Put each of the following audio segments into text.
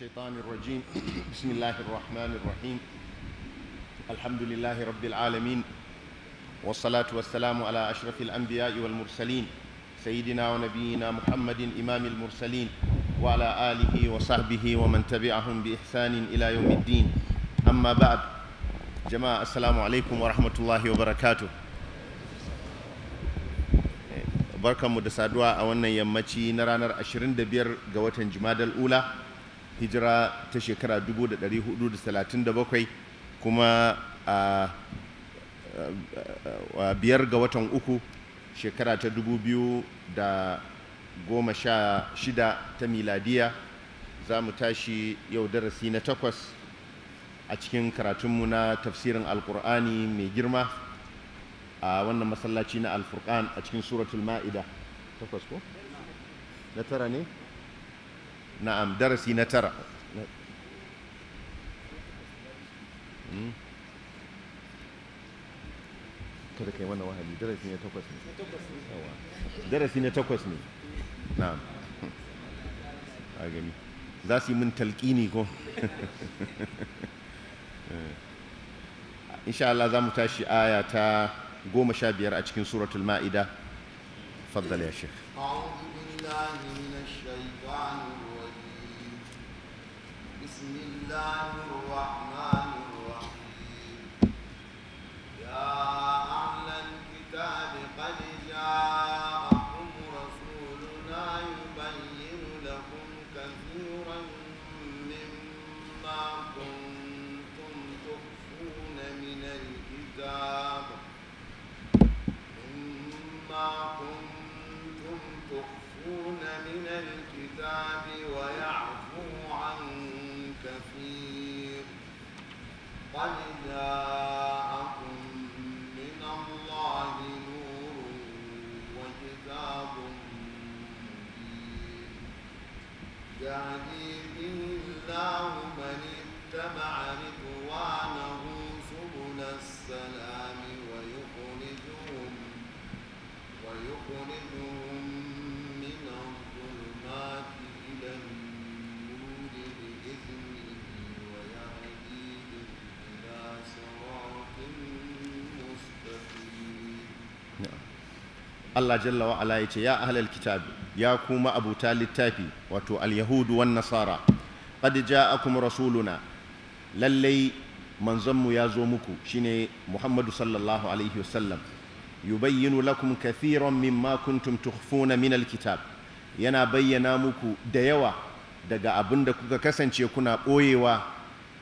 الشيطان الرجيم بسم الله الرحمن الرحيم الحمد لله رب العالمين والصلاة والسلام على أشرف الأنبياء والمرسلين سيدنا ونبينا محمد إمام المرسلين وعلى آله وصحبه ومن تبعهم بإحسان إلى يوم الدين أما بعد جماعة السلام عليكم ورحمة الله وبركاته barkanmu da saduwa a wannan yammaci na ranar 25 ga watan jumadal ula hijira ta shekara 437 kuma a biyar ga watan uku shekara ta 2016 ta miladiya za mu tashi yau darasi na takwas a cikin karatunmu na tafsirin alkur'ani mai girma a wannan masallaci na alfurkan a cikin suratul ma'ida takwas ko? na tara ne? na'am darasi na tara hmm? kada kai wannan wahabi darasi ne takwas ne darasi ne takwas ne na'am a gani za su yi min talƙini ko eh. insha Allah za mu tashi aya ta goma sha biyar a cikin suratul ma'ida fadda ya shi أعوذ بالله من الشيطان بسم الله الرحمن الرحيم يا أهل الكتاب قد جاءكم رسولنا يبين لكم كثيرا مما كنتم تخفون من الكتاب مما كنتم تخفون من الكتاب ويعلم قد جاءكم من الله نور وكتاب مبين يهدي به الله من اتبع رضوانه سبل السلام Allah jalla wa ala yace ya ahlal kitab ya kuma abuta littafi wato al-yahudu wan nasara qad ja'akum rasuluna lallai manzonmu ya zo muku shine Muhammadu sallallahu alaihi wasallam yubayyinu lakum kathiran mimma kuntum tukhfuna min yana bayyana muku da yawa daga abin da kuka kasance kuna ɓoyewa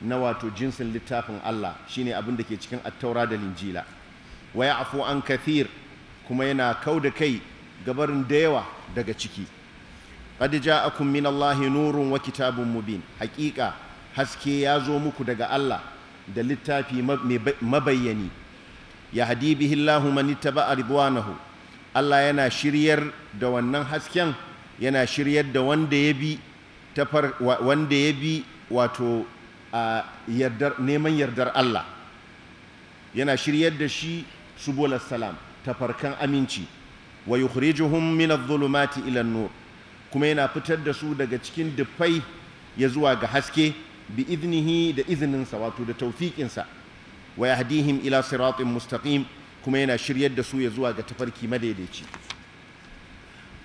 na wato jinsin littafin Allah shine abin da ke cikin attaura da linjila wa ya'fu an kathir kuma yana kau da kai gabarin da yawa daga ciki qad ja'akum min Allahi nurun wa kitabun mubin haƙiƙa haske ya zo muku daga Allah da littafi mabayyani yahdi bihi Allahu man ittaba'a ridwanahu Allah yana shiryar da wannan hasken yana shiryar da wanda ya bi wato wanda neman yardar Allah yana shiryar da shi subulas salam tafarkan aminci wa yukhrijuhum min adh-dhulumati ila an-nur kuma yana fitar da su daga cikin dufai ya zuwa ga haske bi iznihi da izininsa wato da taufiƙinsa wa yahdihim ila siratin mustaqim kuma yana shiryar da su ya zuwa ga tafarki madaidaici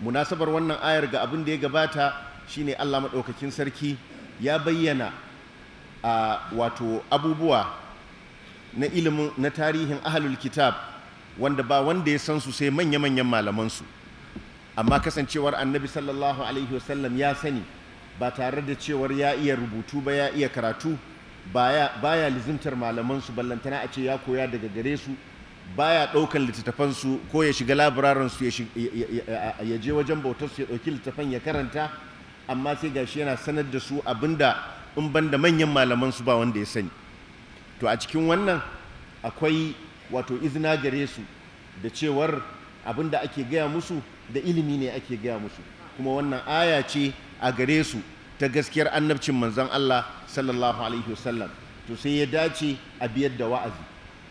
munasabar wannan ayar ga abin da ya gabata shine Allah maɗaukakin sarki ya bayyana a wato abubuwa na ilimin na tarihin ahlul kitab wanda ba wanda ya san su sai manya-manyan malamansu amma kasancewar annabi sallallahu alaihi wasallam ya sani ba tare da cewar ya iya rubutu ba ya iya karatu baya lizimtar malamansu ballantana a ce ya koya daga gare su ba ya ɗaukan littattafansu ko ya shiga labararinsu ya je wajen bautarsu ya ɗauki littattafan ya karanta amma sai gashi yana sanar da su abinda in banda da manyan malamansu ba wanda ya sani to a cikin wannan akwai wato izina gare su da cewar abin da ake gaya musu da ilimi ne ake gaya musu kuma wannan aya ce a gare su ta gaskiyar annabcin manzon Allah sallallahu alaihi wasallam to sai ya dace a biyar da wa'azi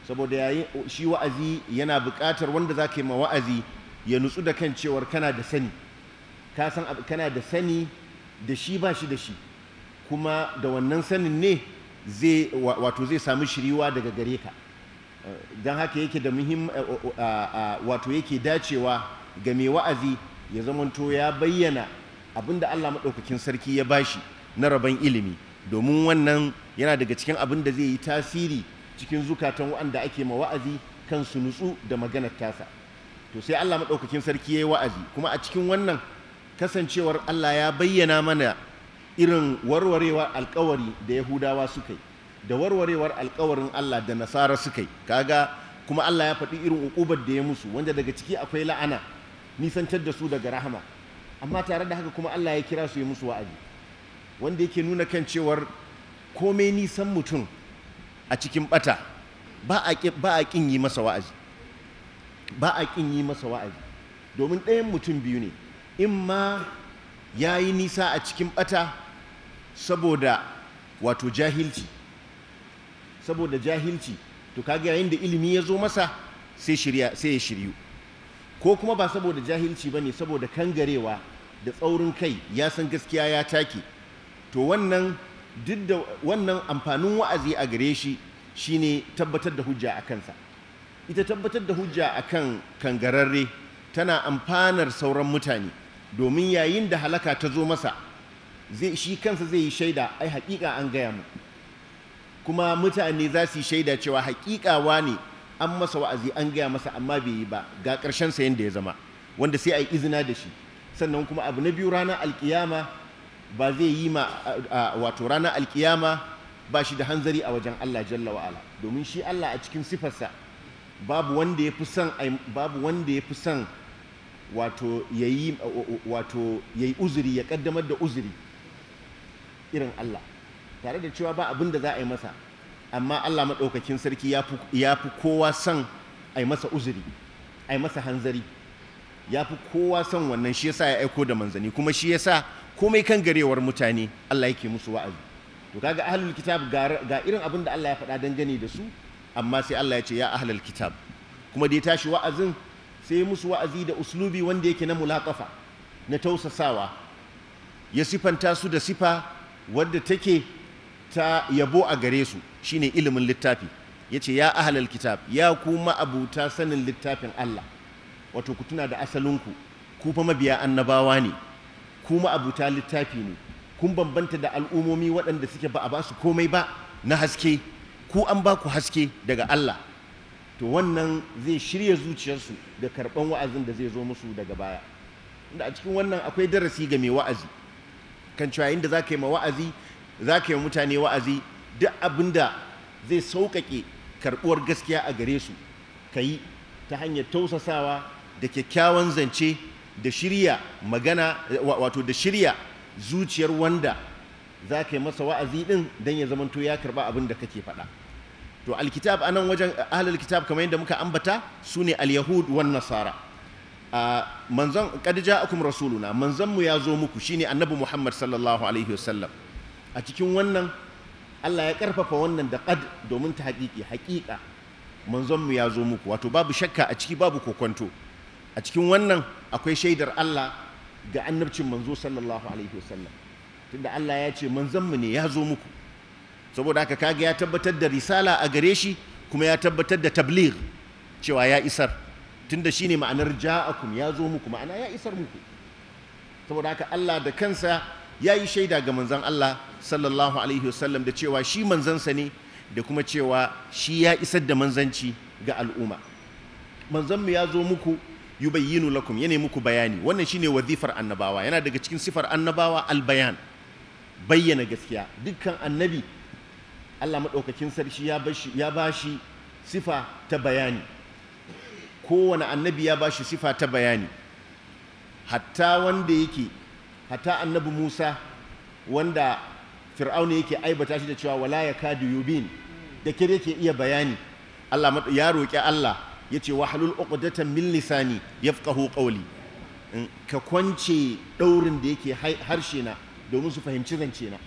saboda yayin shi wa'azi yana buƙatar wanda za ka yi ma wa'azi ya nutsu da kan cewar kana da sani ka san kana da sani da shi ba shi da shi kuma da wannan sanin ne zai wato zai samu shiriwa daga gare ka don haka yake da eh, wato yake dacewa ga mai wa'azi ya zamanto ya bayyana abin da Allah maɗaukakin sarki ya bashi na rabon ilimi domin wannan yana daga cikin abin da zai yi tasiri cikin zukatan wa'anda ake ma wa'azi kan su nutsu da maganar tasa to sai Allah maɗaukakin sarki ya yi wa'azi kuma a cikin wannan kasancewar Allah ya bayyana mana irin warwarewa alkawari da Yahudawa suka yi da warwarewar alkawarin Allah da nasara suka yi kaga kuma Allah ya faɗi irin ukubar da ya musu wanda daga ciki akwai la'ana nisantar da su daga rahama amma tare da haka kuma Allah ya kira su ya musu wa'azi wanda yake nuna kan cewar komai nisan mutum a cikin bata ba a kin yi masa wa'azi ba a kin yi masa wa'azi domin ɗayan mutum biyu ne in ma ya yi nisa a cikin bata saboda wato jahilci saboda jahilci to kaga yayin da ilimi ya zo masa sai shirya sai ya shiryu ko kuma ba saboda jahilci bane saboda kangarewa da tsaurin kai ya san gaskiya ya take to wannan duk da wannan amfanin wa'azi a gare shi shine tabbatar da hujja a kansa ita tabbatar da hujja a kan kangararre tana amfanar sauran mutane domin yayin da halaka ta zo masa zai shi kansa zai yi shaida ai haƙiƙa an gaya mu kuma mutane za su yi shaida cewa haƙiƙawa ne an masa wa'azi an gaya masa amma bai yi ba ga ƙarshen sa yanda ya zama wanda sai a yi izina da shi sannan kuma abu na biyu ranar alkiyama ba zai yi ma wato ranar alkiyama ba shi da hanzari a wajen Allah jalla wa'ala domin shi Allah a cikin sifarsa babu wanda ya fi son babu wanda ya fi son wato yayi uzuri ya kaddamar da uzuri irin Allah tare da cewa ba abin da za a yi masa amma Allah maɗaukakin sarki ya fi kowa son a yi masa uzuri a yi masa hanzari ya fi kowa son wannan shi yasa ya aiko da manzani kuma shi yasa komai kan garewar mutane Allah yake musu wa'azi to kaga ahlul kitab ga irin abin da Allah ya faɗa dangane da su amma sai Allah ya ce ya ahlul kitab kuma da ya tashi wa'azin sai ya musu wa'azi da uslubi wanda yake na mulaƙafa, na tausasawa ya sifanta su da sifa wadda take ta yabo a gare su shine ilimin littafi yace ya ahalar kitab ya kuma abuta sanin littafin Allah wato ku tuna da asalinku ku fa mabiya annabawa ne kuma abuta littafi ne kun bambanta da al'umomi waɗanda suke ba a ba su komai ba na haske ku an ba ku haske daga Allah to wannan zai shirya zuciyarsu da karɓan wa'azin da zai zo musu daga baya inda a cikin wannan akwai darasi ga mai wa'azi kan cewa inda za ka yi ma wa'azi za ka yi mutane wa'azi duk abin da zai sauƙaƙe karɓuwar gaskiya a gare su ka yi ta hanyar tausasawa da kyakkyawan zance da shirya magana wato da shirya zuciyar wanda za ka yi masa wa'azi ɗin don ya zamanto ya karɓa abin da kake faɗa to alkitab a nan wajen ahalar kitab kamar yadda muka ambata su ne alyahud wan nasara A manzon ƙadija akum rasuluna manzon mu ya zo muku shine annabi muhammad sallallahu alaihi wasallam a cikin wannan Allah ya karfafa wannan da qad domin ta haƙiƙi haƙiƙa manzonmu ya zo muku wato babu shakka a ciki babu kokonto a cikin wannan akwai shaidar Allah ga annabcin manzo sallallahu alaihi wasallam tunda Allah ya ce mu ne ya zo muku saboda haka kaga ya tabbatar da risala a gare shi kuma ya tabbatar da tabligh cewa ya isar tunda shine ma'anar ja'akum ya zo muku ma'ana ya isar muku saboda haka Allah da kansa ya yi shaida ga manzon Allah sallallahu alaihi wasallam da cewa shi manzansa ne da kuma cewa shi ya isar da manzanci ga al'umma manzanmu ya zo muku yi yubayyinu lakum yana muku bayani wannan shine wazifar annabawa yana daga cikin sifar annabawa albayan bayyana gaskiya dukkan annabi Allah maɗaukakin sarki ya ba shi sifa ta bayani kowane annabi ya ba shi sifa ta bayani hatta wanda yake hatta annabi Musa wanda fir'auna yake aibata shi da cewa wala ya kadu yubin da kire yake iya bayani Allah ya roƙe Allah ya ce wahalul uqdatan min lisani yafqahu qawli ka kwance ɗaurin da yake harshe na domin su fahimci zance na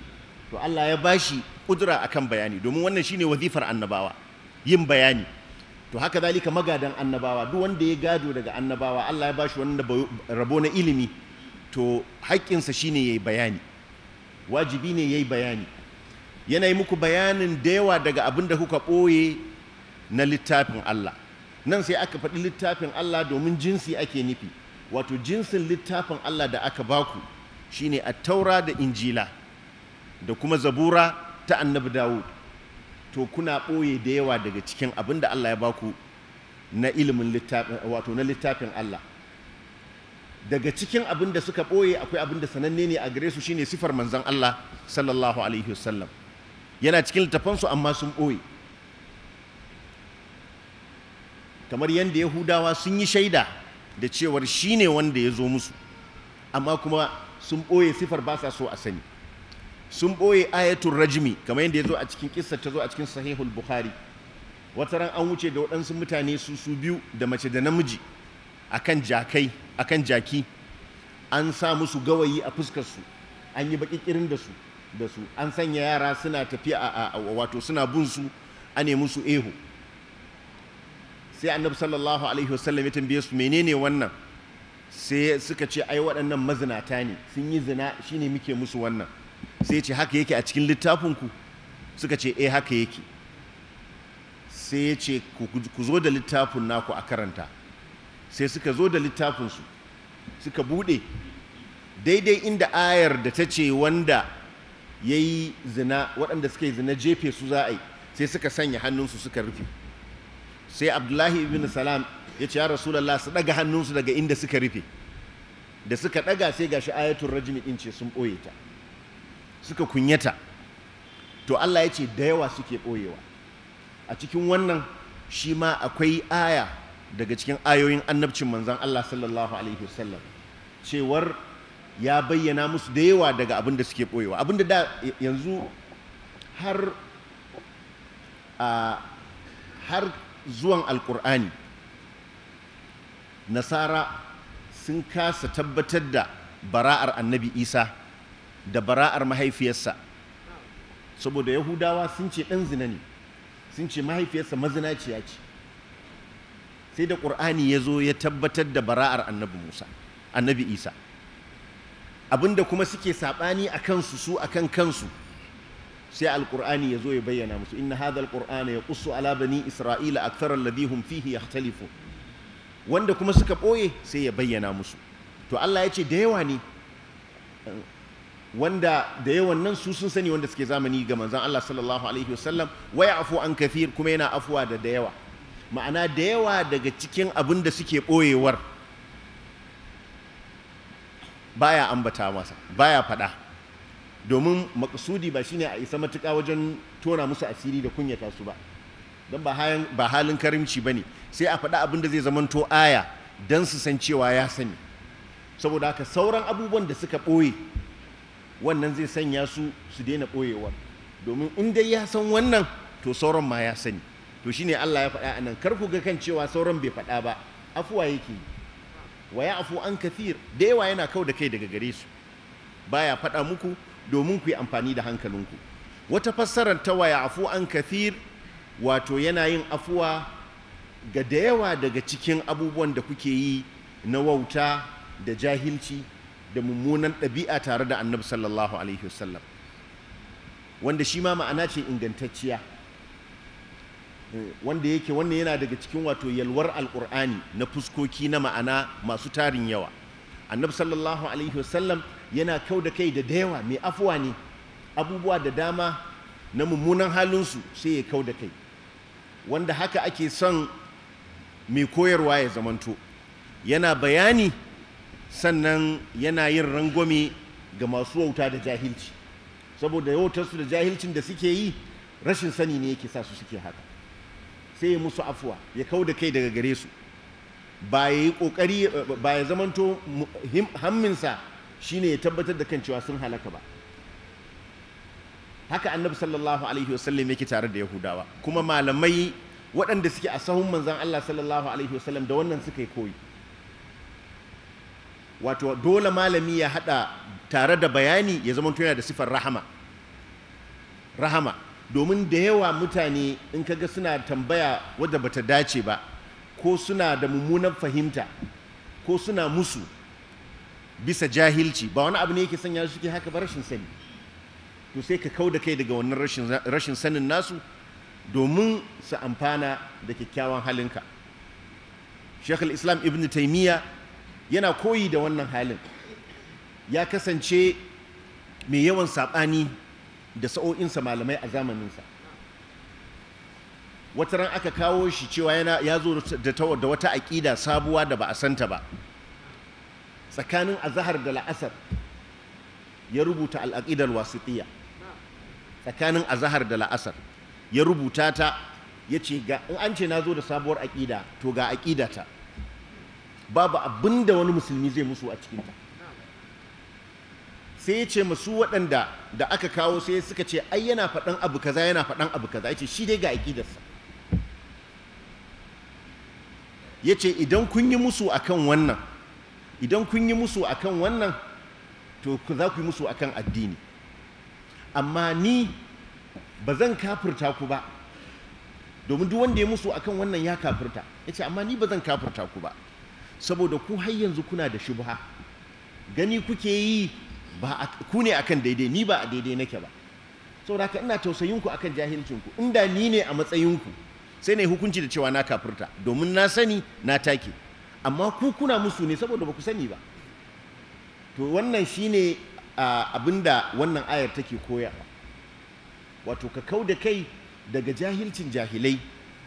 to Allah ya bashi kudura akan bayani domin wannan shine wazifar annabawa yin bayani to haka zalika magadan annabawa duk wanda ya gado daga annabawa Allah ya bashi wannan rabo na ilimi to haƙƙinsa shine yayi bayani wajibi ne ya yi bayani yana yi muku bayanin da yawa daga abin da kuka ɓoye na littafin Allah nan sai aka faɗi littafin Allah domin jinsi ake nufi wato jinsin littafin Allah da aka baku shine taura da injila da kuma zabura ta annabi dawud to kuna ɓoye da yawa daga cikin abin da Allah ya baku na ilimin wato na littafin Allah daga cikin abin da suka ɓoye akwai abin da sananne ne a gare su shine sifar manzan Allah sallallahu alaihi wasallam yana cikin littafansu amma sun ɓoye kamar yadda yahudawa sun yi shaida da cewar shine wanda ya zo musu amma kuma sun ɓoye sifar ba sa so a sani sun ɓoye ayatul rajmi kamar yadda ya zo a cikin kissa ta zo a cikin sahihul bukhari wata ran an wuce da waɗansu mutane su su biyu da mace da namiji akan jakai akan jaki an sa musu gawayi a fuskarsu an yi baƙiƙirin da su da su an sanya yara suna tafiya a wato suna bin su ane musu ehu sai annabi sallallahu alaihi wasallam ya tambaye su menene wannan sai suka ce ai waɗannan mazinata ne sun yi zina shine muke musu wannan sai ce haka yake a cikin littafinku suka ce eh haka yake sai ya ce ku zo da littafin naku a karanta sai suka zo da littafinsu suka buɗe daidai inda ayar da ta ce wanda ya yi zina waɗanda suka yi zina jefe su za a yi sai suka sanya hannunsu suka rufe sai abdullahi ibn salam ya ce ya rasulallah su ɗaga hannunsu daga inda suka rufe da suka ɗaga sai gashi ayatul rajimi ɗin ce sun ɓoye ta suka kunyata to Allah ya ce da yawa suke ɓoyewa a cikin wannan shi ma akwai aya daga cikin ayoyin annabcin manzan Allah sallallahu alaihi wasallam cewar ya bayyana musu da yawa daga abin da suke ɓoyewa. abin da da yanzu har a har zuwan alkur'ani nasara sun kasa tabbatar da bara'ar annabi isa da bara'ar mahaifiyarsa saboda yahudawa sun ce ɗan zina ne sun ce mahaifiyarsa mazinaciya ce sai da ƙur'ani ya zo ya tabbatar da bara'ar annabi musa annabi isa abinda kuma suke saɓani a kansu su a kan kansu sai alƙur'ani ya zo ya bayyana musu inna hadha ya yaqussu ala bani isra'ila akthar alladhi hum fihi yahtalifu wanda kuma suka ɓoye sai ya bayyana musu to Allah ya ce da yawa ne wanda da yawan nan su sun sani wanda suke zamani ga manzon Allah sallallahu alaihi wasallam wa ya'fu an kathir kuma yana afuwa da da yawa ma'ana da yawa daga cikin abin da suke ɓoyewar baya ambata masa baya faɗa domin makasudi ba shine a isa matuka wajen tona musu asiri da kunyata su ba don ba halin karimci ba ne sai a faɗa abin da zai to aya don su san cewa ya sani saboda haka sauran abubuwan da suka ɓoye wannan zai sanya su su daina ɓoyewa domin in dai ya san wannan to sauran ma ya sani to shine Allah ya faɗa anan kar ku ga kan cewa sauran bai faɗa ba afuwa yake wa ya afu an kathir da yawa yana kau da kai daga gare su baya faɗa muku domin ku yi amfani da hankalinku wata fassarar ta waya afu an kathir wato yana yin afuwa ga da yawa daga cikin abubuwan da kuke yi na wauta da jahilci da mummunan ɗabi'a tare da annabi sallallahu alaihi wasallam wanda shi ma ma'ana ce ingantacciya wanda yake wannan yana daga cikin wato yalwar alkur'ani na fuskoki na ma'ana masu tarin yawa annabi sallallahu alaihi wasallam yana kau da kai da dayawa mai afuwa ne abubuwa da dama na mummunan halinsu sai ya kau da kai wanda haka ake son mai koyarwa ya zamanto yana bayani sannan yana yin rangwame ga masu wauta da jahilci saboda wautarsu da jahilcin da suke yi rashin sani ne yake sa su suke haka sai ya musu afuwa ya kau da kai daga gare su ba ya yi kokari ba ya zamanto hamminsa shine ya tabbatar da kan cewa sun halaka ba haka annabi sallallahu alaihi wasallam yake tare da yahudawa kuma malamai waɗanda suke a sahun manzan Allah sallallahu alaihi wasallam da wannan suka yi koyi wato dole malami ya haɗa tare da bayani ya zama yana da sifar rahama rahama domin da yawa mutane in kaga suna tambaya wadda bata dace ba ko suna da mummunan fahimta ko suna musu bisa jahilci ba wani abu ne yake sanya suke haka ba rashin sani to sai ka kau da kai daga wannan rashin sanin nasu domin su amfana da kyakkyawan halinka shekul islam ibn taimiyya yana koyi da wannan halin ya kasance mai yawan saɓani da sa'o'insa malamai a zamaninsa wata ran aka kawo shi cewa yana ya zo da wata aƙida sabuwa da ba a santa ba tsakanin azahar da la'asar ya rubuta al'aƙidar wasitiya tsakanin azahar da la'asar ya rubuta ta ya ce ga in an ce na zo da sabuwar aƙida to ga aƙidata babu abin da wani musulmi zai musu a cikinta sai ya ce masu waɗanda da aka kawo sai suka ce ai yana faɗan abu kaza yana faɗan abu kaza ya ce shi dai ga aƙidarsa ya ce idan kun yi musu akan wannan idan kun yi musu akan wannan to za ku yi musu akan addini amma ni ba zan kafirta ku ba domin duk wanda ya musu akan wannan ya kafirta ya ce amma ni ba zan kafirta ku ba saboda ku har yanzu kuna da shubha gani kuke yi ba ku ne akan daidai ni ba a daidai nake ba saboda ka ina tausayin ku akan jahilcin ku inda ni ne a matsayin ku sai ne hukunci da cewa na kafurta domin na sani na take amma ku kuna musu ne saboda ba ku sani ba to wannan shine abinda wannan ayar take koya wato ka kau da kai daga jahilcin jahilai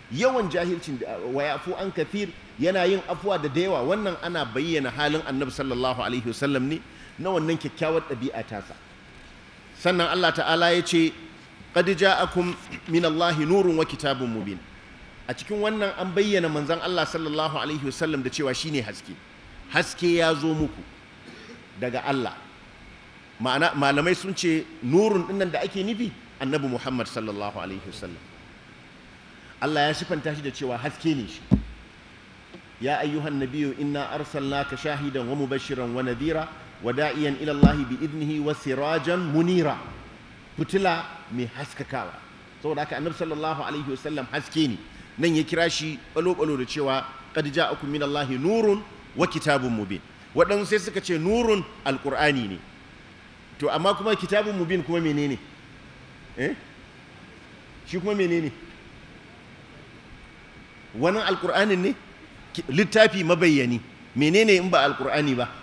yawan jahilcin wa yafu an kafir yana yin afuwa da da wannan ana bayyana halin annabi sallallahu alaihi wasallam ne na wannan kyakkyawar ɗabi'a tasa sannan Allah ta'ala ya ce qad ja'akum minallahi nurin nurun wa kitabun mubin a cikin wannan an bayyana manzan Allah sallallahu alaihi wasallam da cewa shine haske haske ya zo muku daga Allah ma'ana malamai sun ce nurun dinnan da ake nufi annabi Muhammad sallallahu alaihi wasallam Allah ya sifanta shi da cewa haske ne shi ya ayyuhan nabiyyu inna arsalnaka shahidan wa mubashiran wa nadhira wada'iyan ila Allah bi idnihi wa sirajan munira fitila mai haskakawa saboda haka annabi sallallahu alaihi wasallam haske ne nan ya kira shi balo balo da cewa qad ja'akum min allahi nurun wa kitabun mubin waɗansu sai suka ce nurun alqur'ani ne to amma kuma kitabun mubin kuma menene eh shi kuma menene wannan alqur'anin ne littafi mabayyani menene in ba alqur'ani ba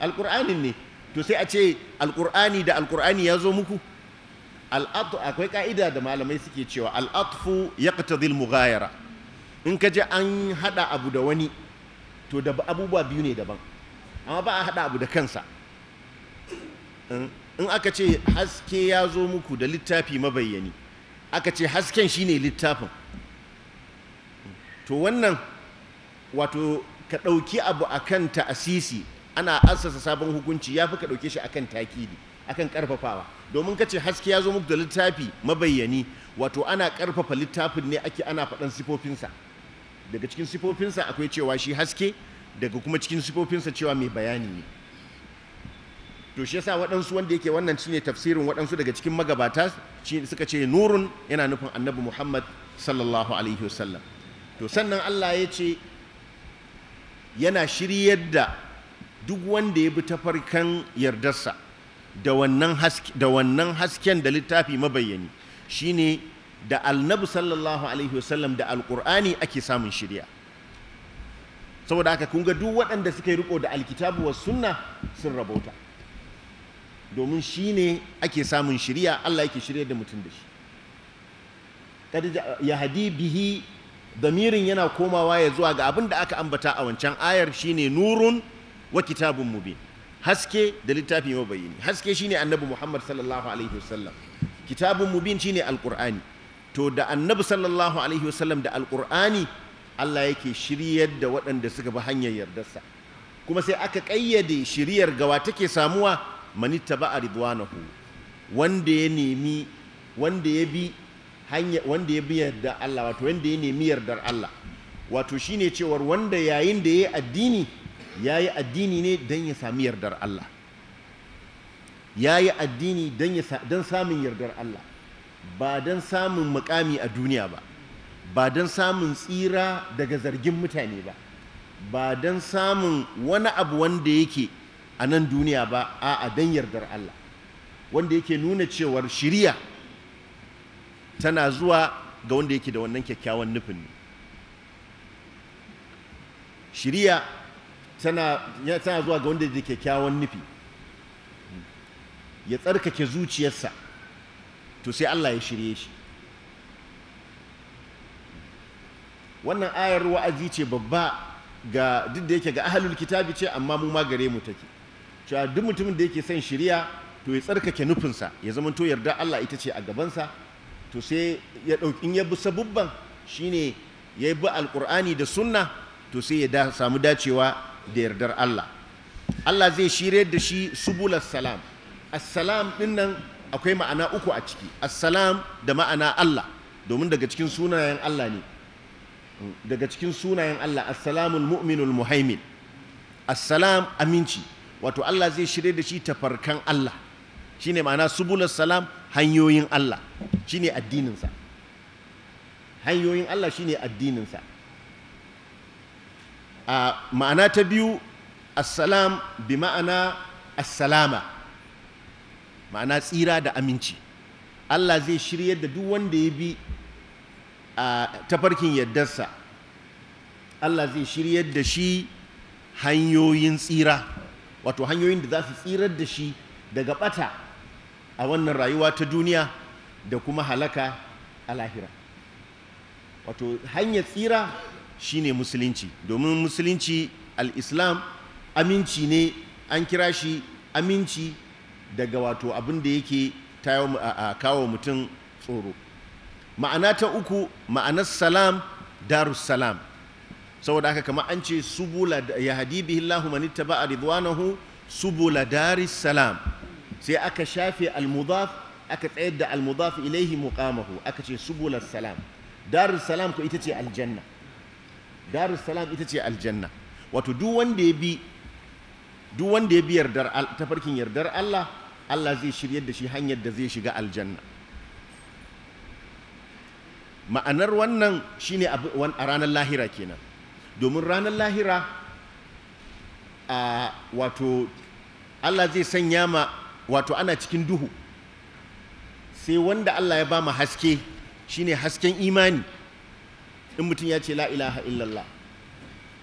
alƙur'anin ne to sai a ce alƙur'ani da alƙur'ani ya zo muku akwai ka'ida da malamai suke cewa ya yaqtadil mughayara in ka ji an hada abu da wani to da abubuwa biyu ne daban amma ba a hada abu da kansa in aka ce haske ya zo muku da littafi mabayyani aka ce hasken shine littafin to wannan wato ka ɗauki abu akan ta'asisi ana assasa sabon hukunci ya fi ka ɗauke shi akan takidi akan karfafawa domin ka ce haske ya zo muku da littafi mabayyani wato ana karfafa littafin ne ake ana faɗan sifofinsa daga cikin sifofinsa akwai cewa shi haske daga kuma cikin sifofinsa cewa mai bayani ne to shi yasa waɗansu wanda yake wannan shine tafsirin waɗansu daga cikin magabata suka ce nurun yana nufin annabi muhammad sallallahu alaihi wasallam to sannan allah ya ce yana shiryar da duk wanda ya bi ta farkan yardarsa da wannan hasken da littafi mabayyani shine da annabi sallallahu alaihi wasallam da alkur'ani ake samun shirya saboda haka kunga duk waɗanda suka yi riko da alkitabu wa sunna sun rabauta domin shine ake samun shirya Allah yake shirya da mutum da shi ya hadi bihi damirin yana komawa ya zuwa ga abin da aka ambata a wancan ayar shine nurun wa kitabun mubin haske da littafi mabayini haske shine annabi Muhammad sallallahu alaihi wasallam kitabun mubin shine alqur'ani to da annabi sallallahu alaihi wasallam da alqur'ani Allah yake shiryar da waɗanda suka bi hanyar yardarsa kuma sai aka ƙayyade shiryar gawa take samuwa manitta ba'a ridwanahu wanda ya nemi wanda ya bi hanya wanda ya bi yarda Allah wato wanda ya nemi yardar Allah wato shine cewar wanda yayin da yayi addini ya yi addini ne don ya sami yardar Allah ya yi addini don samun yardar Allah ba don samun mukami a duniya ba ba don samun tsira daga zargin mutane ba ba don samun wani abu wanda yake a nan duniya ba a don yardar Allah wanda yake nuna cewar shirya tana zuwa ga wanda yake da wannan kyakkyawan nufin ne shiriya tana zuwa ga wanda yake kyakkyawan nufi ya tsarkake zuciyarsa to sai Allah ya shirye shi wannan ayar wa'azi ce babba ga duk da yake ga ahalul kitabi ce amma mu ma gare mu take cewa duk mutumin da yake son shirya to ya tsarkake nufinsa ya zama to yarda Allah ita ce a gabansa to sai ya ɗauki in ya bi sabubban shine ya bi alƙur'ani da sunna to sai ya samu dacewa da yardar Allah Allah zai shirye da shi subulas salam assalam din nan akwai ma'ana uku a ciki assalam da ma'ana Allah domin daga cikin sunayen Allah ne mm, daga cikin sunayen Allah assalamul mu'minul muhaimin assalam aminci wato Allah zai shirye da shi tafarkan Allah shine ma'ana subulas salam hanyoyin Allah shine addininsa hanyoyin Allah shine addininsa ma'ana ta biyu assalam bi ma'ana assalama ma'ana tsira da aminci Allah zai shiryar da duk wanda ya bi a tafarkin yaddarsa Allah zai shirya da shi hanyoyin tsira wato hanyoyin da za su tsirar da shi daga bata a wannan rayuwa ta duniya da kuma halaka a lahira wato hanyar tsira shine musulunci domin musulunci al-islam aminci ne an kira shi aminci daga wato abin da yake kawo mutum tsoro ma'ana ta uku ma'anar salam darussalam saboda haka kama an ce subula ya hadibihi Allahu man ittaba'a ridwanahu subula Darussalam. sai aka shafe almudaf aka tsayar da almudaf ilaihi mukamahu aka ce subula salam Darussalam ko ita ce aljanna darus salam ita ce aljanna wato duk wanda ya bi duk wanda ya yardar tafarkin yardar Allah Allah zai shirya da shi hanyar da zai shiga aljanna ma'anar wannan shine a ranar lahira kenan domin ranar lahira a wato Allah zai sanya ma wato ana cikin duhu sai wanda Allah ya ba mu haske shine hasken imani in mutum ya ce la ilaha illallah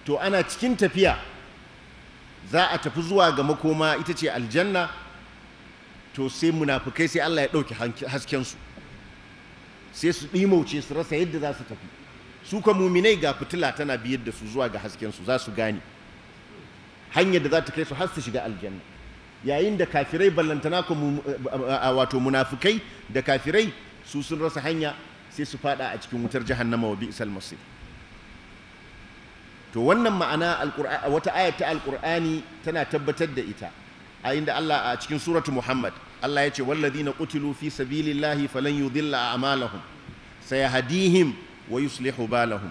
to ana cikin tafiya za a tafi zuwa ga makoma ita ce aljanna to sai munafukai sai Allah ya ɗauki haskensu sai su ɗimauce su rasa yadda za su tafi su ka muminai ga fitila tana biyar da su zuwa ga haskensu za su gane hanyar da za ta kai su har su shiga aljanna yayin da kafirai ballantana wato munafukai da kafirai su sun rasa hanya sai su fada a cikin wutar jahannama wa bi'sal masir to wannan ma'ana wata ayat ta alqur'ani tana tabbatar da ita a inda Allah a cikin suratu Muhammad Allah ya ce walladhina qutilu fi sabilillahi falan yudilla a'malahum sayahdihim wa yuslihu balahum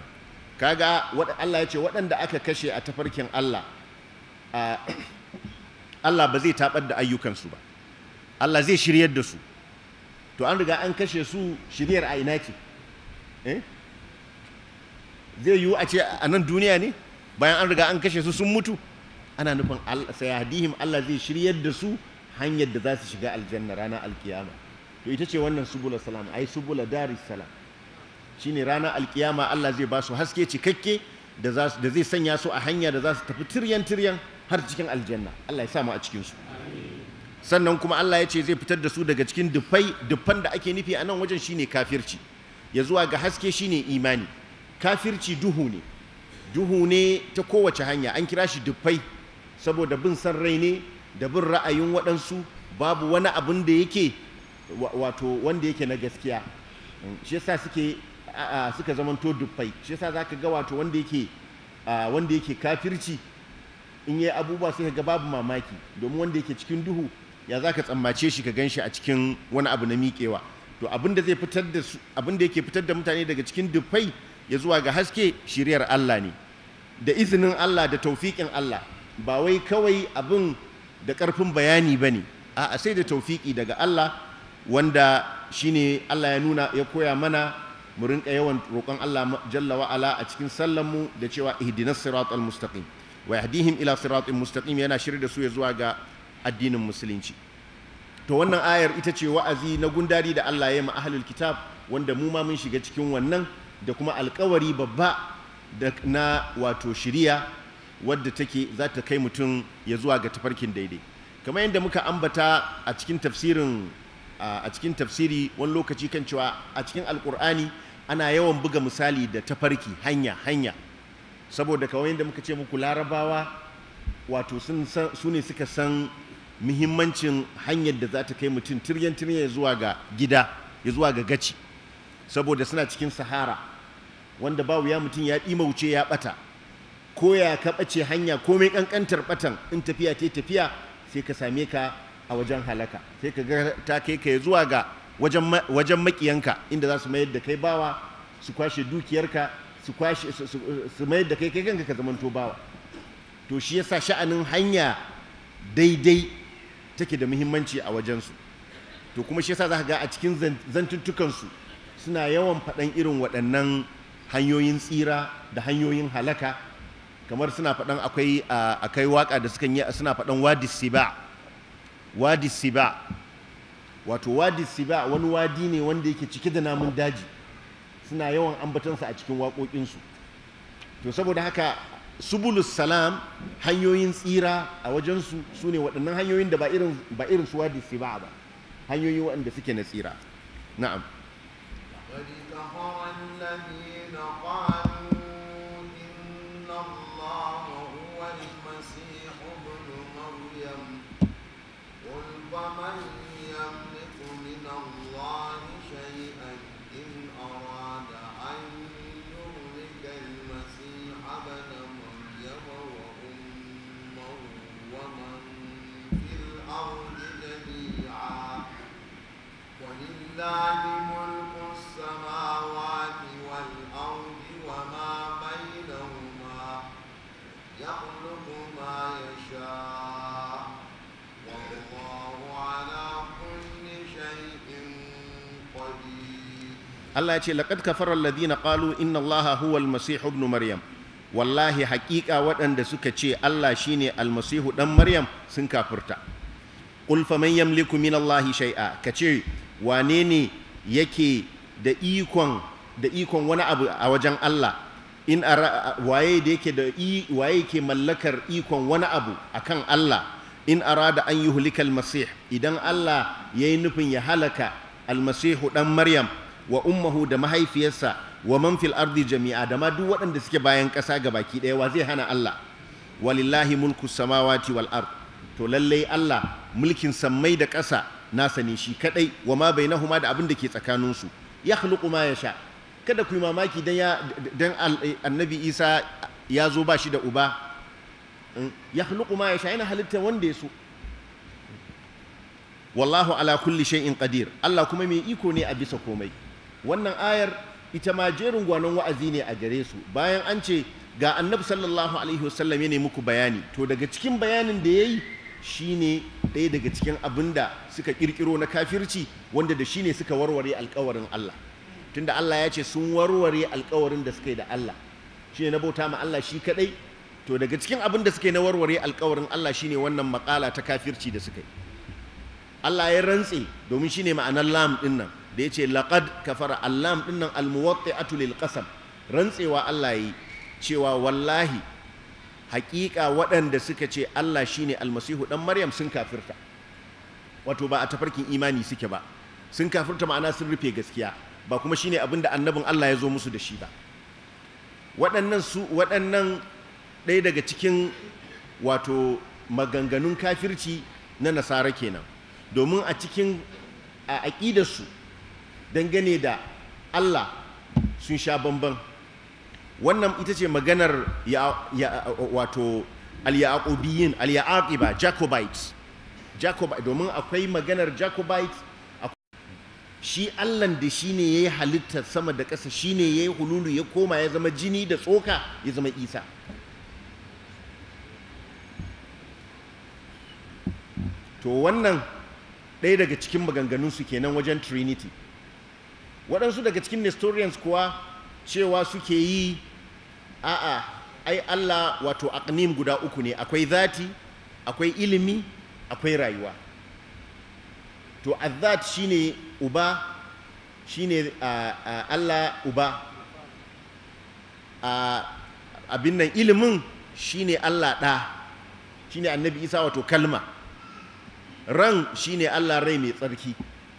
kaga Allah ya ce waɗanda aka kashe a tafarkin Allah Allah ba zai tabar da ayyukansu ba Allah zai shiryar da su to an riga an kashe su shiriyar a ina ce eh? zai yiwu a ce a nan duniya ne bayan an riga an kashe su sun mutu ana nufin sayahdihim Allah zai shiryar da su hanyar da za su shiga aljanna ranar alkiyama to ita ce wannan subula salam ai subula daris salam ne ranar alkiyama Allah zai ba su haske cikakke da zai sanya su a hanya da za su tafi tiryan tiryan har cikin aljanna Allah ya sa mu a cikinsu. sannan kuma Allah ya ce zai fitar da su daga cikin dufai dufan da ake nufi a nan wajen shine kafirci ya zuwa ga haske shine imani kafirci duhu ne duhu ne ta kowace hanya an kira shi dufai saboda bin san rai ne da bin ra'ayin waɗansu babu wani abin da yake wato wanda yake na gaskiya mm, shi yasa suke suka zamanto dufai shi yasa zaka ga wato wanda yake yake kafirci in yi abubuwa sai ga babu mamaki domin wanda yake cikin duhu ya za ka tsammace shi ka gan shi a cikin wani abu na miƙewa to abin da zai fitar da yake fitar da mutane daga cikin dufai ya zuwa ga haske shiriyar Allah ne da izinin Allah da taufiƙin Allah ba wai kawai abin da ƙarfin bayani ba ne A'a, sai da taufiƙi daga Allah wanda shine Allah ya nuna ya koya mana mu rinka yawan roƙon Allah jalla wa a cikin sallanmu da cewa ihdinas siratal mustaqim wa yahdihim ila siratin mustaqim yana shirye da su ya zuwa ga addinin musulunci to wannan ayar ita ce wa'azi na gundari da Allah ya yi ma kitab wanda mu ma mun shiga cikin wannan da kuma alkawari babba na wato shiriya wadda take za ta kai mutum ya zuwa ga tafarkin daidai kamar yadda muka ambata a cikin tafsirin a cikin tafsiri wani lokaci kan cewa a cikin alkur'ani ana yawan buga misali da tafarki hanya hanya saboda kamar yadda muka ce muku larabawa wato su ne suka san muhimmancin hanyar da za ta kai mutum tiryan tiryan zuwa ga gida ya zuwa ga gaci saboda suna cikin sahara wanda ba wuya mutum ya ɗima wuce ya ɓata ko ya ka ɓace hanya ko mai ƙanƙantar ɓatan in tafiya ta tafiya sai ka same ka a wajen halaka sai ka ga ta kai ka zuwa ga wajen maƙiyanka inda za su mayar da kai bawa su kwashe dukiyarka su kwashe su mayar da kai kai kanka ka zamanto bawa to shi yasa sha'anin hanya daidai take da muhimmanci a wajensu to kuma shi yasa za ga a cikin zantuttukansu suna yawan faɗan irin waɗannan hanyoyin tsira da hanyoyin halaka kamar suna faɗan akwai akai waka da suka yi suna faɗan wadi siba wadi siba wato wadi siba wani wadi ne wanda yake cike da namun daji suna yawan ambatansa a cikin waƙoƙinsu to saboda haka subulus salam hanyoyin tsira a wajensu su ne waɗannan hanyoyin da ba irin su ba ba hanyoyi waɗanda suke na tsira na'am Allah ya ce laqad kafara alladhina qalu inna Allaha huwa al-masih ibn maryam wallahi haƙiƙa waɗanda suka ce Allah shine almasihu ɗan maryam sun kafirta qul faman yamliku min Allahi shay'a kace wane ne yake da ikon da ikon wani abu a wajen Allah in waye da yake da waye yake mallakar ikon wani abu akan Allah in arada an yi hulikal masih idan Allah ya nufin ya halaka almasihu ɗan maryam wa ummahu da mahaifiyarsa wa man fil ardi jami'a da ma duk waɗanda suke bayan ƙasa ga baki ɗaya wa zai hana Allah walillahi mulku samawati wal ard to lallai Allah mulkin sammai da ƙasa nasa ne shi kadai wa ma bainahuma da abin da ke tsakaninsu yakhluqu ma yasha kada ku yi mamaki dan eh, annabi Isa ya zo ba shi da uba hmm? yakhluqu ma yasha yana halitta wanda ya so wallahu ala kulli shay'in qadir Allah kuma mai iko ne a bisa komai wannan ayar ita ma jerin gwanon wa'azi ne a gare su bayan an ce ga annabi sallallahu alaihi wasallam ya muku bayani to daga cikin bayanin da ya yi shine ɗaya daga cikin abin da suka ƙirƙiro na kafirci wanda da shine suka warware alkawarin Allah tunda Allah ya ce sun warware alkawarin da suka yi da Allah shine na bauta ma Allah shi kaɗai to daga cikin abin da suka yi na warware alkawarin Allah shine wannan makala ta kafirci da suka yi Allah ya rantse domin shine ma'anar lam ɗin da ya yace ka kafara allam dinnan a tulil qasam rantsewa Allah yi cewa wallahi hakika waɗanda suka ce Allah shine almasihu dan maryam sun kafirta wato ba a tafarkin imani suke ba sun kafirta ma'ana sun rufe gaskiya ba kuma shine abin da annabin Allah ya zo musu da shi ba waɗannan su waɗannan ɗaya daga cikin wato maganganun kafirci na nasara kenan domin a cikin a aƙidarsu dangane da Allah sun sha bambam wannan ita ce maganar wato al-ya'qubiyin ba jacobites domin akwai maganar jacobites shi allan da shi ne ya yi halitta sama da ƙasa shi ne ya yi hululu ya koma ya zama jini da tsoka ya zama isa to wannan ɗaya daga cikin maganganunsu kenan wajen trinity waɗansu daga cikin nestorians kuwa cewa suke yi a'a ai Allah wato aqnim guda uku ne akwai zati akwai ilimi akwai rayuwa to shi shine uba shine Allah uba abin nan ilimin shine Allah ɗa shine annabi isa wato kalma ran shine Allah rai mai tsarki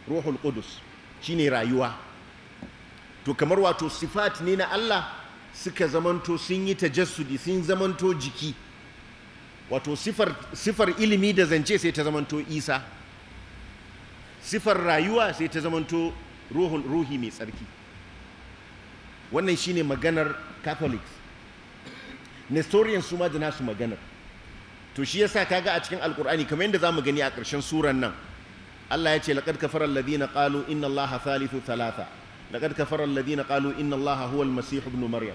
ruhul qudus shine rayuwa to kamar wato sifat ne na Allah suka zamanto sun yi ta tajassudi sun zamanto jiki wato sifar, ilimi da zance sai ta zamanto isa sifar rayuwa sai ta zamanto ruhun ruhi mai tsarki wannan shine maganar catholics nestorian su ma da nasu maganar to shi yasa kaga a cikin alkur'ani kamar yadda zamu gani a ƙarshen suran nan Allah ya ce laqad kafara alladhina qalu inna allaha thalithu thalatha laqad kafara alladhina qalu inna allaha huwa almasih ibn maryam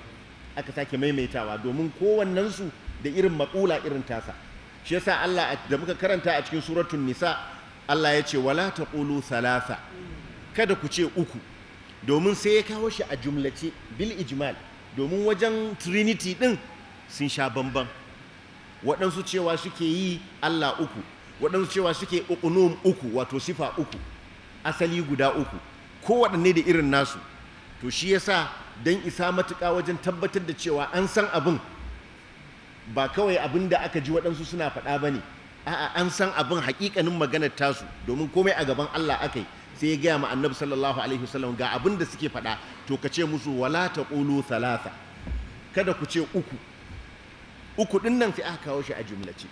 aka sake maimaitawa domin kowannensu su da irin maƙula irin tasa shi yasa Allah da muka karanta a cikin suratun nisa Allah ya ce wala taqulu salasa kada ku ce uku domin sai ya kawo shi a jumlace bil ijmal domin wajen trinity din sun sha bamban waɗansu cewa suke yi Allah uku waɗansu cewa suke ukunum uku wato sifa uku asali guda uku kowaɗanne da irin nasu to shi ya sa don isa matuƙa wajen tabbatar da cewa an san abin ba kawai abin da aka ji waɗansu suna faɗa ba ne a'a an san abin haƙiƙanin maganar tasu domin komai a gaban Allah aka yi sai ya gaya ma annabi sallallahu alaihi wasallam ga abin da suke faɗa to ka ce musu wala ta ƙulu salasa kada ku ce uku uku ɗin nan sai aka kawo shi a jumlace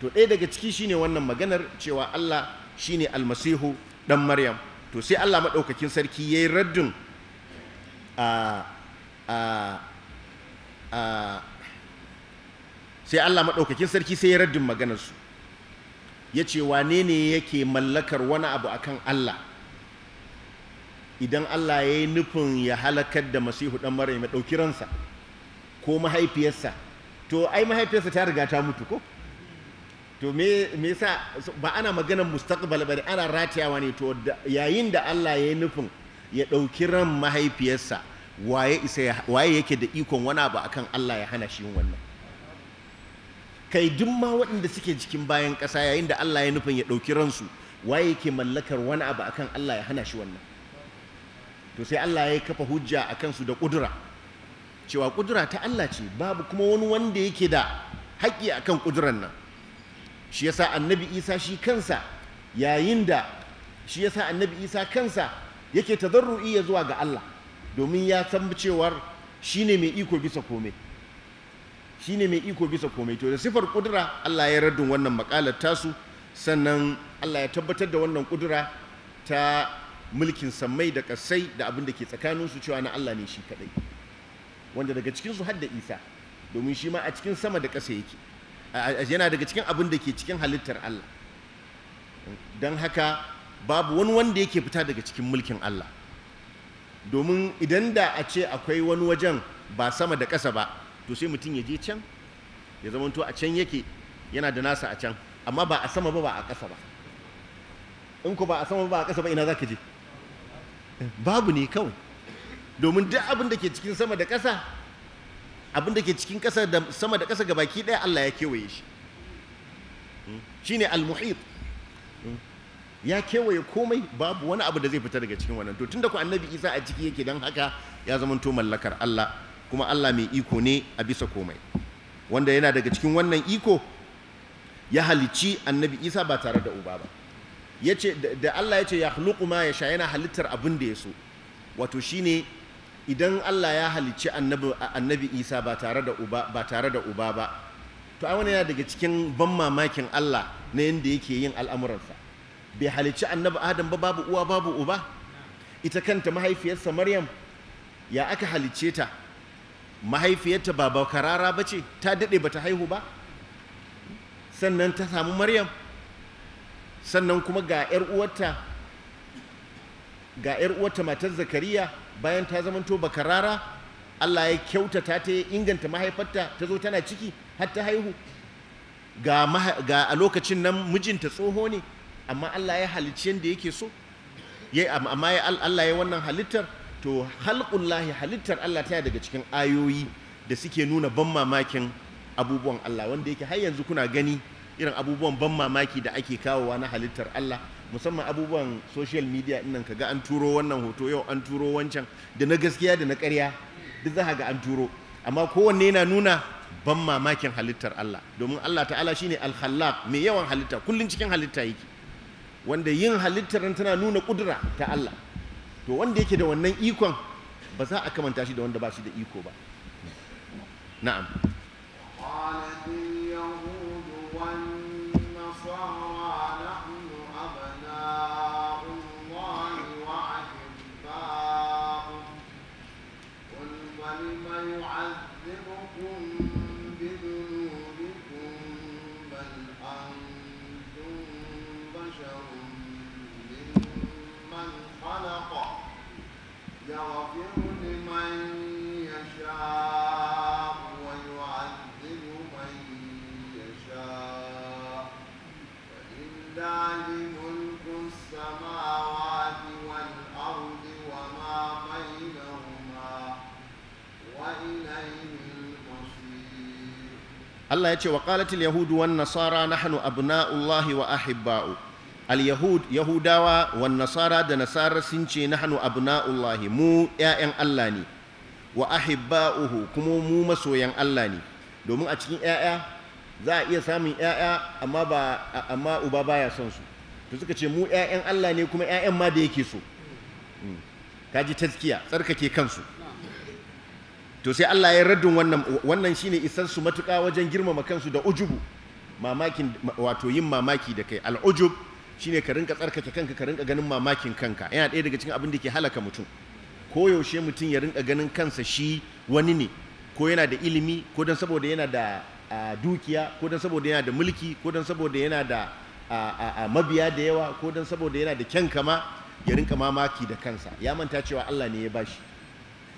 to ɗaya daga ciki shine wannan maganar cewa Allah shine almasihu ɗan maryam to sai Allah maɗaukakin sarki ya yi raddin sai Allah maɗaukakin sarki sai ya raddin maganarsu ya ce wane ne yake mallakar wani abu akan Allah idan Allah ya yi nufin ya halakar da masihu ɗan mara ya ɗauki ransa ko mahaifiyarsa to ai mahaifiyarsa ta riga ta mutu ko to me me yasa ba ana maganar mustaqbal bane ana ratiyawa ne to yayin da Allah ya yi nufin ya ɗauki ran mahaifiyarsa waye isa waye yake da ikon wani abu akan Allah ya hana shi wannan kai duk ma waɗanda suke cikin bayan ƙasa yayin da Allah ya nufin ya ɗauki ransu waye yake mallakar wani abu akan Allah ya hana shi wannan to sai Allah ya kafa hujja a kansu da kudura cewa kudura ta Allah ce babu kuma wani wanda yake da haƙƙi akan ƙudurar nan shi yasa annabi isa shi kansa yayin da shi yasa annabi isa kansa yake tazarru'i ya zuwa ga Allah domin ya san cewar shine mai iko bisa komai shine mai iko bisa komai to da sifar kudura Allah ya raddin wannan makalar tasu sannan Allah ya tabbatar da wannan kudura ta mulkin sammai da kasai da abin da ke tsakaninsu cewa na Allah ne shi kadai wanda daga cikinsu har da Isa domin shi ma a cikin sama da ƙasa yake yana daga cikin abin da ke cikin halittar Allah don haka babu wani wanda yake fita daga cikin mulkin Allah domin idan da a ce akwai wani wajen ba sama da ƙasa ba to sai mutum ya je can ya to a can yake yana da nasa a can amma ba a sama ba ba a ƙasa ba in ku ba a sama ba a ƙasa ba ina za ka je babu ne kawai domin duk abin da ke cikin sama da ƙasa abin da ke cikin ƙasa da sama da ƙasa gabaki ɗaya Allah ya kewaye shi hmm? shine al-muhit hmm? ya kewaye komai babu wani abu da zai fita daga cikin wannan to da ku annabi Isa a ciki yake dan haka ya zama zamanto mallakar Allah kuma Allah mai iko ne a bisa komai wanda yana daga cikin wannan iko ya halicci annabi Isa ba tare da uba ba yace da Allah ya ce ya khluqu ma sha yana halittar abin da ya so wato shine idan Allah ya halicci annabi Isa ba tare da uba ba tare da uba ba to ai wani yana daga cikin ban mamakin Allah na yanda yake yin al'amuransa bai halicci annabi Adam ba babu uwa babu uba ita kanta mahaifiyarsa Maryam ya aka halicce ta mahaifiyarta ba ba karara ba ce ta daɗe ba ta haihu ba sannan ta samu Maryam sannan kuma ga 'yar ga 'yar uwarta matar Zakariya bayan ta zamanto bakarara Allah ya kyautata ta ya inganta mahaifarta ta zo tana ciki har ta haihu ga a lokacin nan mijinta tsoho ne amma Allah ya halicci yadda yake so amma Allah ya wannan halittar to halƙullahi halittar Allah ta daga cikin ayoyi da suke nuna ban mamakin abubuwan Allah wanda yake har yanzu kuna gani irin abubuwan ban mamaki da ake kawowa na halittar Allah musamman abubuwan social media nan ka ga an turo wannan hoto yau an turo wancan da na gaskiya da na ƙarya duk za ga an turo amma kowanne yana nuna ban mamakin halittar Allah domin Allah ta'ala shine al-khallaq mai yawan halitta kullun cikin halitta yake wanda yin halittar tana nuna kudura ta Allah to wanda yake da wannan ikon ba za a kamanta shi da wanda ba shi da iko ba na'am فيعذبكم بذنوبكم بل أنتم بشر ممن خلق يغفر لمن يشاء ويعذب من يشاء ولله ملك السماوات Allah ya ce wa qalatil yahudu wan nasara nahnu abna'ullahi wa ahibba'u al yahud yahudawa wan nasara da nasara sun ce nahnu abna'ullahi mu ƴaƴan Allah ne wa ahibba'uhu kuma mu masoyan Allah ne domin a cikin ƴaƴa za a iya samun ƴaƴa amma ba amma uba baya son su to suka ce mu ƴaƴan Allah ne kuma ƴaƴan ma da yake so hmm. kaji taskiya tsarkake kansu to sai Allah ya raddin wannan wannan shine isan su matuƙa wajen girmama kansu da ujubu mamakin wato yin mamaki da kai al'ujub shine ka rinka tsarkake kanka ka rinka ganin mamakin kanka yana ɗaya daga cikin abin da ke halaka mutum ko yaushe mutum ya rinka ganin kansa shi wani ne ko yana da ilimi ko don saboda yana da dukiya ko don saboda yana da mulki ko don saboda yana da mabiya da yawa ko don saboda yana da kyan kama ya rinka mamaki da kansa ya manta cewa Allah ne ya bashi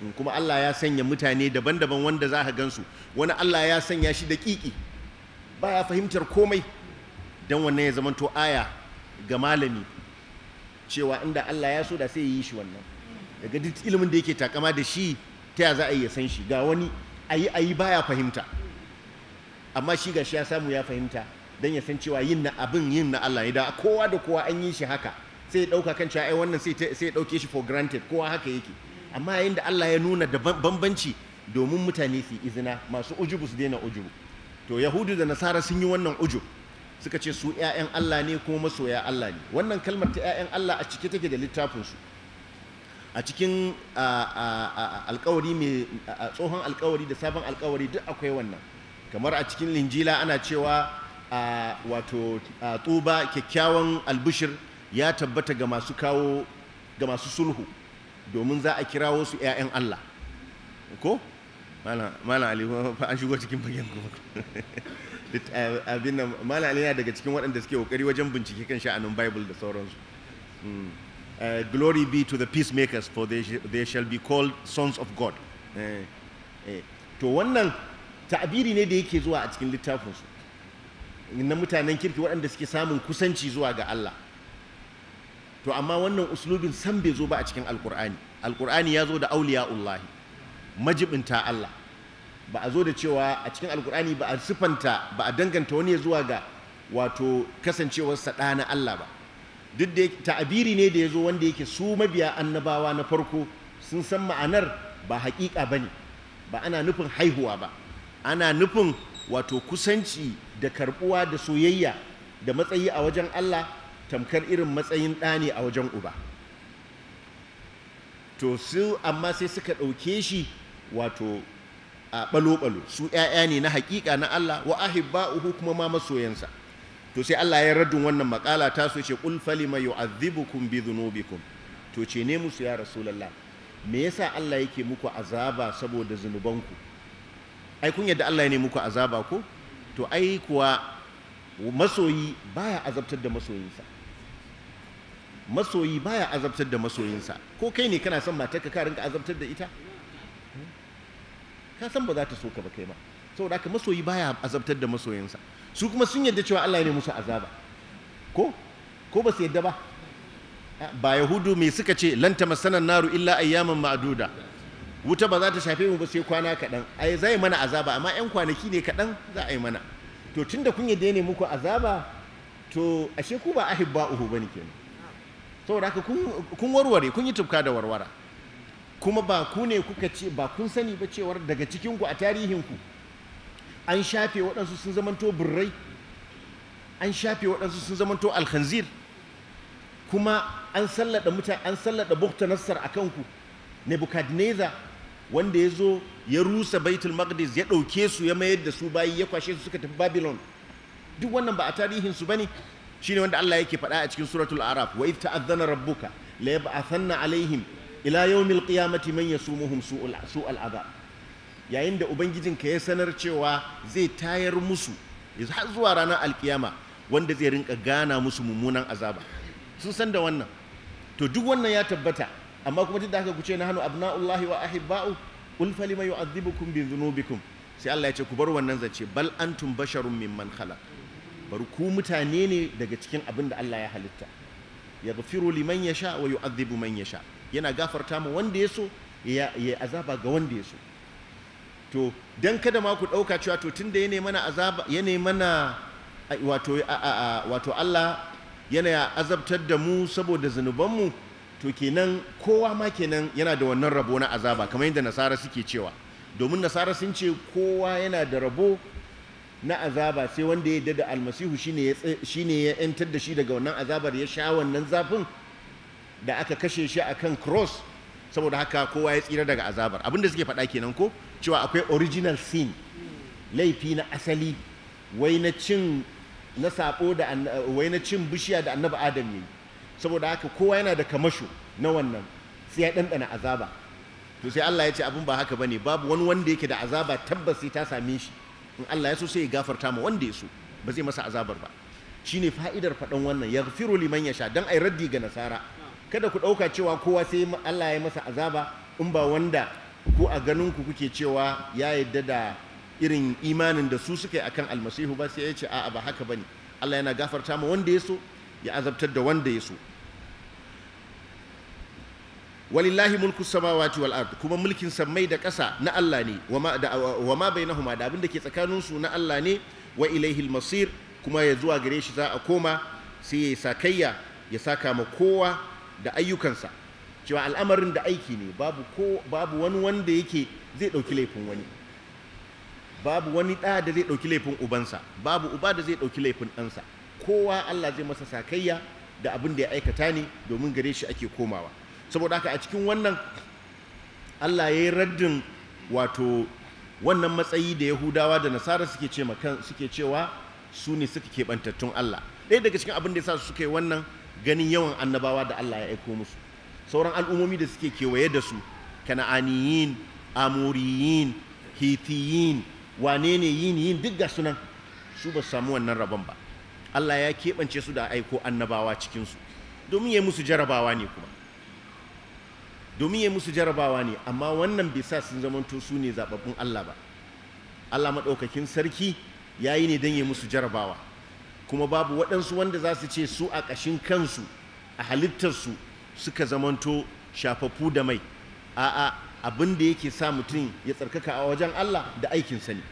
Mm, kuma Allah ya sanya mutane daban-daban wanda za ka gansu wani Allah ya sanya shi da kiki ba ya fahimtar komai don wannan ya zamanto aya ga malami cewa inda Allah ya so da sai yi shi wannan daga duk ilimin da yake takama da shi ta ya za a yi ya san shi ga wani ayi ayi ba ya fahimta amma shi ga shi ya samu ya fahimta don ya san cewa yin na abin yin na Allah ne da kowa da kowa an yi shi haka sai ya dauka kan cewa ai wannan sai ya ɗauke shi for granted kowa haka yake amma yayin da Allah ya nuna da bambanci domin mutane su izina masu ujubu su daina ujubu to yahudu da nasara sun yi wannan ujub suka ce su 'ya'yan Allah ne kuma masoya Allah ne wannan kalmar ta 'ya'yan Allah a cike take da littafinsu a cikin alkawari mai tsohon alkawari da sabon alkawari duk akwai wannan kamar a cikin linjila ana cewa wato tuba kyakkyawan albishir ya tabbata ga masu kawo ga masu sulhu domin za a kirawo su 'ya'yan Allah ko mana ali an shigo cikin bagen ko. Eh, abin mana ali na daga cikin waɗanda suke ƙoƙari wajen bincike kan sha'anin bible da sauransu hmm. eh, glory be to the peacemakers for they shall be called sons of god eh, to wannan ta'abiri ne da yake zuwa a cikin littafinsu na mutanen kirki waɗanda suke samun kusanci zuwa ga Allah to amma wannan uslubin san bai zo ba a cikin alkur'ani alkur'ani ya zo da ullahi majibinta Allah ba a zo da cewa a cikin alkur'ani ba a sifanta ba a danganta wani ya zuwa ga wato kasancewarsa ɗa na Allah ba duk da ta'abiri ne da ya zo wanda yake su mabiya annabawa na farko sun san ma'anar ba haƙiƙa ba ne ba ana nufin haihuwa ba ana nufin wato kusanci da karɓuwa da soyayya da matsayi a wajen Allah tamkar irin matsayin ɗa ne a wajen uba to su amma sai suka ɗauke shi wato a ɓalo-ɓalo su ‘ya'ya ne na haƙiƙa na Allah wa ahibba'uhu kuma ma masoyansa to sai Allah ya raddun wannan makala ta so ce mai yau azibukun bi dhunubikum to ce ne musu ya rasulullah me yasa Allah yake muku azaba saboda zunubanku ai kun yadda Allah ya ne muku azaba ko to ai kuwa masoyi baya azabtar da masoyinsa masoyi baya azabtar da masoyinsa ko kai ne kana son matarka ka rinka azabtar da ita ka san ba za ta so ka ba kai ba. saboda haka masoyi baya azabtar da masoyinsa su kuma sun yadda cewa Allah ne musu azaba ko ko ba su yadda ba ba yahudu me suka ce lan tamassana naru illa ayyaman ma'duda wuta ba za ta shafe mu ba sai kwana kaɗan ai zai mana azaba amma yan kwanaki ne kaɗan za a yi mana to tunda kun yadda ne muku azaba to ashe ku ba ahibba ahibba'uhu bane kenan saboda haka kun warware kun yi tufka da warwara kuma ba ku ne kuka ce ba kun sani ba cewar daga cikinku a tarihinku an shafe waɗansu sun zamanto burrai an shafe waɗansu sun zamanto alhanzir kuma an sallada mutane an sallada bukta nassar a kanku nebukadneza wanda ya zo ya rusa baitul maqdis ya ɗauke su ya mayar da su bayi ya kwashe su suka tafi babylon duk wannan ba a tarihinsu ba ne Shi ne wanda Allah yake faɗa a cikin suratul araf wa ta'azzana rabbuka la yab'athanna alaihim ila yawmil qiyamati man yasumuhum su'al yayin da ubangijin ka ya sanar cewa zai tayar musu har zuwa ranar alkiyama wanda zai rinka gana musu mummunan azaba sun san da wannan to duk wannan ya tabbata amma kuma duk da haka ku ce na hannu abna'ullahi wa ahibba'u qul falima yu'adhibukum bi dhunubikum sai Allah ya ce ku bar wannan zance. bal antum basharun mimman khalaq bari ku mutane ne daga cikin abin da Allah ya halitta ya gafiru liman ya sha wa yu'adhibu man ya sha yana gafarta ma wanda ya so ya azaba ga wanda ya so to dan kada ma ku ɗauka cewa to tunda ya mana azaba ya mana wato Allah yana azabtar da mu saboda zunubanmu to kenan kowa ma kenan yana da wannan rabo na azaba kamar yadda nasara suke cewa domin nasara sun ce kowa yana da rabo na azaba sai wanda ya yarda dada almasihu shine ya yantar da shi daga wannan azabar ya sha wannan zafin da aka kashe shi a kan cross saboda haka kowa ya tsira daga azabar abinda suke faɗa kenan ko cewa akwai original sin laifi na asali wai na cin na da wai na cin bishiya da annabi adam ne saboda haka kowa yana da kamasho na wannan sai ya ɗanɗana azaba to sai Allah ya ce abin ba haka bane babu wani wanda yake da azaba tabbas sai ta same shi in Allah ya so sai ya gafarta ma wanda ya so ba zai masa azabar ba shi ne fa'idar faɗan wannan ya firo liman don a yi raddi ga nasara kada ku ɗauka cewa kowa sai Allah ya masa azaba in ba wanda ku a ganin ku kuke cewa ya yadda da irin imanin da su suka yi akan almasihu ba sai ya ce a'a ba haka ba ne Allah yana gafarta ma wanda ya so ya azabtar da wanda ya so walillahi mulku samawati wal ard kuma mulkin sammai da ƙasa na Allah ne wa ma bainahuma da abin da ke tsakanin su na Allah ne wa al masir kuma ya zuwa gare shi za a koma sai ya sakayya ya saka ma kowa da ayyukansa cewa al'amarin da aiki ne babu ko babu wani wanda yake zai ɗauki laifin wani babu wani da da zai ɗauki laifin ubansa babu uba da zai ɗauki laifin ɗansa kowa Allah zai masa sakayya da abin da ya aikata ne domin gare shi ake komawa saboda haka a cikin wannan Allah ya yi raddin wato wannan matsayi da Yahudawa da Nasara suke ce suke cewa su ne suka keɓantattun Allah ɗaya daga cikin abin da ya sa suka yi wannan ganin yawan annabawa da Allah ya aiko musu sauran al'ummomi da suke kewaye da su kana'aniyin amuriyin hitiyin wane ne yin yin duk ga sunan su ba samu wannan rabon ba Allah ya keɓance su da aiko annabawa cikinsu domin ya musu jarabawa ne kuma domin ya musu jarabawa ne amma wannan bai sa sun zamanto su ne zababbun Allah ba Allah maɗaukakin sarki ya yi ne don ya musu jarabawa kuma babu waɗansu wanda za su ce su a ƙashin kansu a halittarsu suka zamanto shafaffu da mai a'a abin da yake sa mutum ya tsarkaka a wajen Allah da aikin sani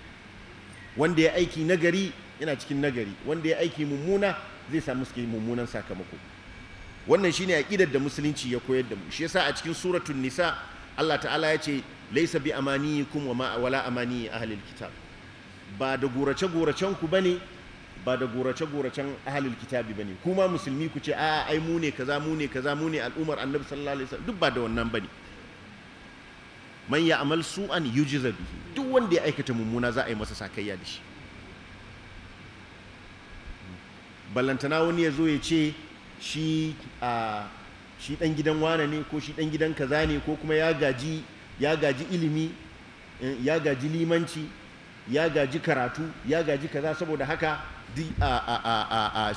wanda ya aiki nagari yana cikin nagari wanda ya aiki mummuna zai samu suke mummunan sakamako wannan shine aqidar da musulunci ya koyar da mu shi yasa a cikin suratul nisa Allah ta'ala ya ce laysa bi amaniyikum wa ma wala amani ahlil kitab ba da gorace guracen ku bane ba da gorace goracen ahlul kitabi bane kuma musulmi ku ce a ai mu ne kaza mu ne kaza mu ne al'umar annabi sallallahu alaihi wasallam duk ba da wannan bane man ya'mal su'an yujza bihi duk wanda ya aikata mummuna za a yi masa sakayya da shi ballantana wani ya zo ya ce shi a dan gidan wane ne ko shi dan gidan kaza ne ko kuma ya gaji ya gaji ilimi eh, ya gaji limanci ya gaji karatu ya gaji kaza saboda haka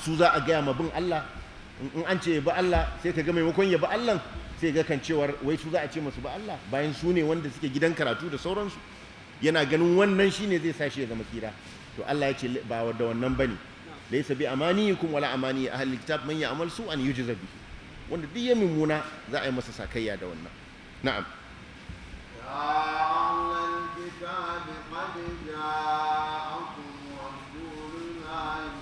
su za a gaya ma bin Allah in an ce ya bi Allah sai ka ga maimakon ya bi Allah sai ga kan cewar wai su za a ce masu ba Allah bayan su ne wanda suke gidan karatu da sauransu yana ganin wannan shine zai sa shi ya zama kira. to Allah ya ce ba da wannan bane ليس بأمانيكم ولا أماني أهل الكتاب من يعمل سوءا يجزى به وان دي يمونا ذا يمسا ساكيا دونا نعم يا أهل الكتاب قد جاءكم رسولنا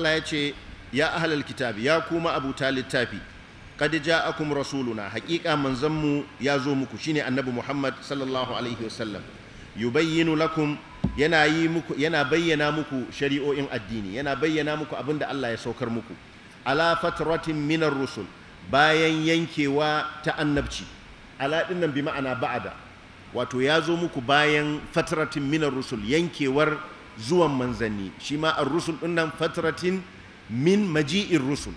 Allah ya ce ya ahalar kitabi ya kuma abuta littafi akum ja'akum rasuluna hakika manzanmu ya zo muku shine annabi Muhammad sallallahu alaihi wasallam yubayyinu lakum yana yi muku yana bayyana muku shari'o'in addini yana bayyana muku abinda Allah ya saukar muku ala fatratin minar rusul bayan yankewa ta annabci ala dinnan bi ma'ana ba'ada wato ya zo muku bayan fatratin minar rusul yankewar zuwan manzanni shi ma an rusul dinnan fataratin min maji'in rusul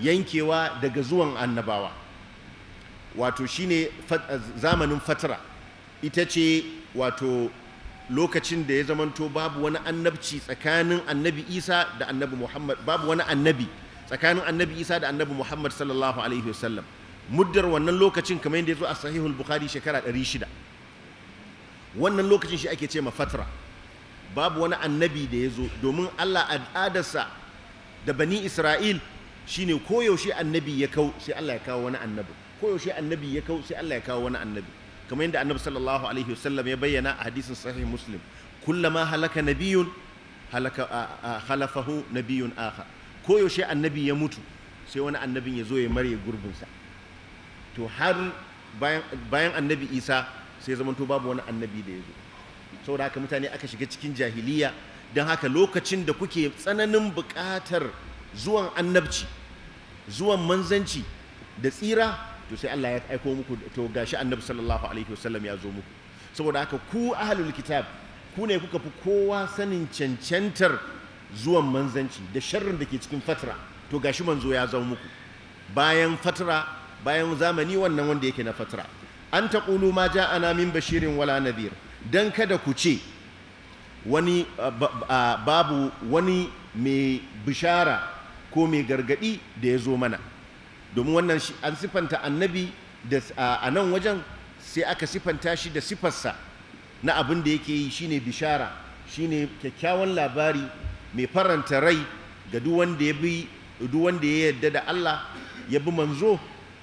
yankewa daga zuwan annabawa wato shine zamanin fatara ita ce wato lokacin da ya zamanto babu wani annabci tsakanin annabi isa da annabi muhammad babu wani annabi tsakanin annabi isa da annabi muhammad sallallahu alaihi wasallam muddar wannan lokacin kamar yadda ya zo a sahihul bukhari shekara 600 wannan lokacin shi ake ce ma fatara. babu wani annabi da ya zo domin Allah al'adarsa da bani Isra'il shine koyaushe annabi ya kau sai Allah ya kawo wani annabi koyaushe annabi ya kau sai Allah ya kawo wani annabi kamar yadda annabi sallallahu alaihi wasallam ya bayyana a hadisin sahih muslim kullama halaka nabiyun halaka khalafahu nabiyun akha koyaushe annabi ya mutu sai wani annabin ya zo ya mare gurbinsa to har bayan annabi isa sai zamanto babu wani annabi da ya zo saboda haka mutane aka shiga cikin jahiliya don haka lokacin da kuke tsananin buƙatar zuwan annabci zuwan manzanci da tsira to sai Allah ya aiko muku to gashi annabi sallallahu alaihi wasallam ya zo muku saboda haka ku ahlul kitab ku ne kuka fi kowa sanin cancantar zuwan manzanci da sharrin da ke cikin fatra to gashi manzo ya zo muku bayan fatra bayan zamani wannan wanda yake na fatra an taqulu ma ja'ana min bashirin wala nadhir don kada ku ce wani babu wani mai bishara ko mai gargadi da ya zo mana domin wannan an siffanta annabi a nan wajen sai aka siffanta shi da siffarsa na abin da yake yi shine bishara shine kyakkyawan labari mai faranta rai ga duwanda ya bi yarda da Allah ya bi manzo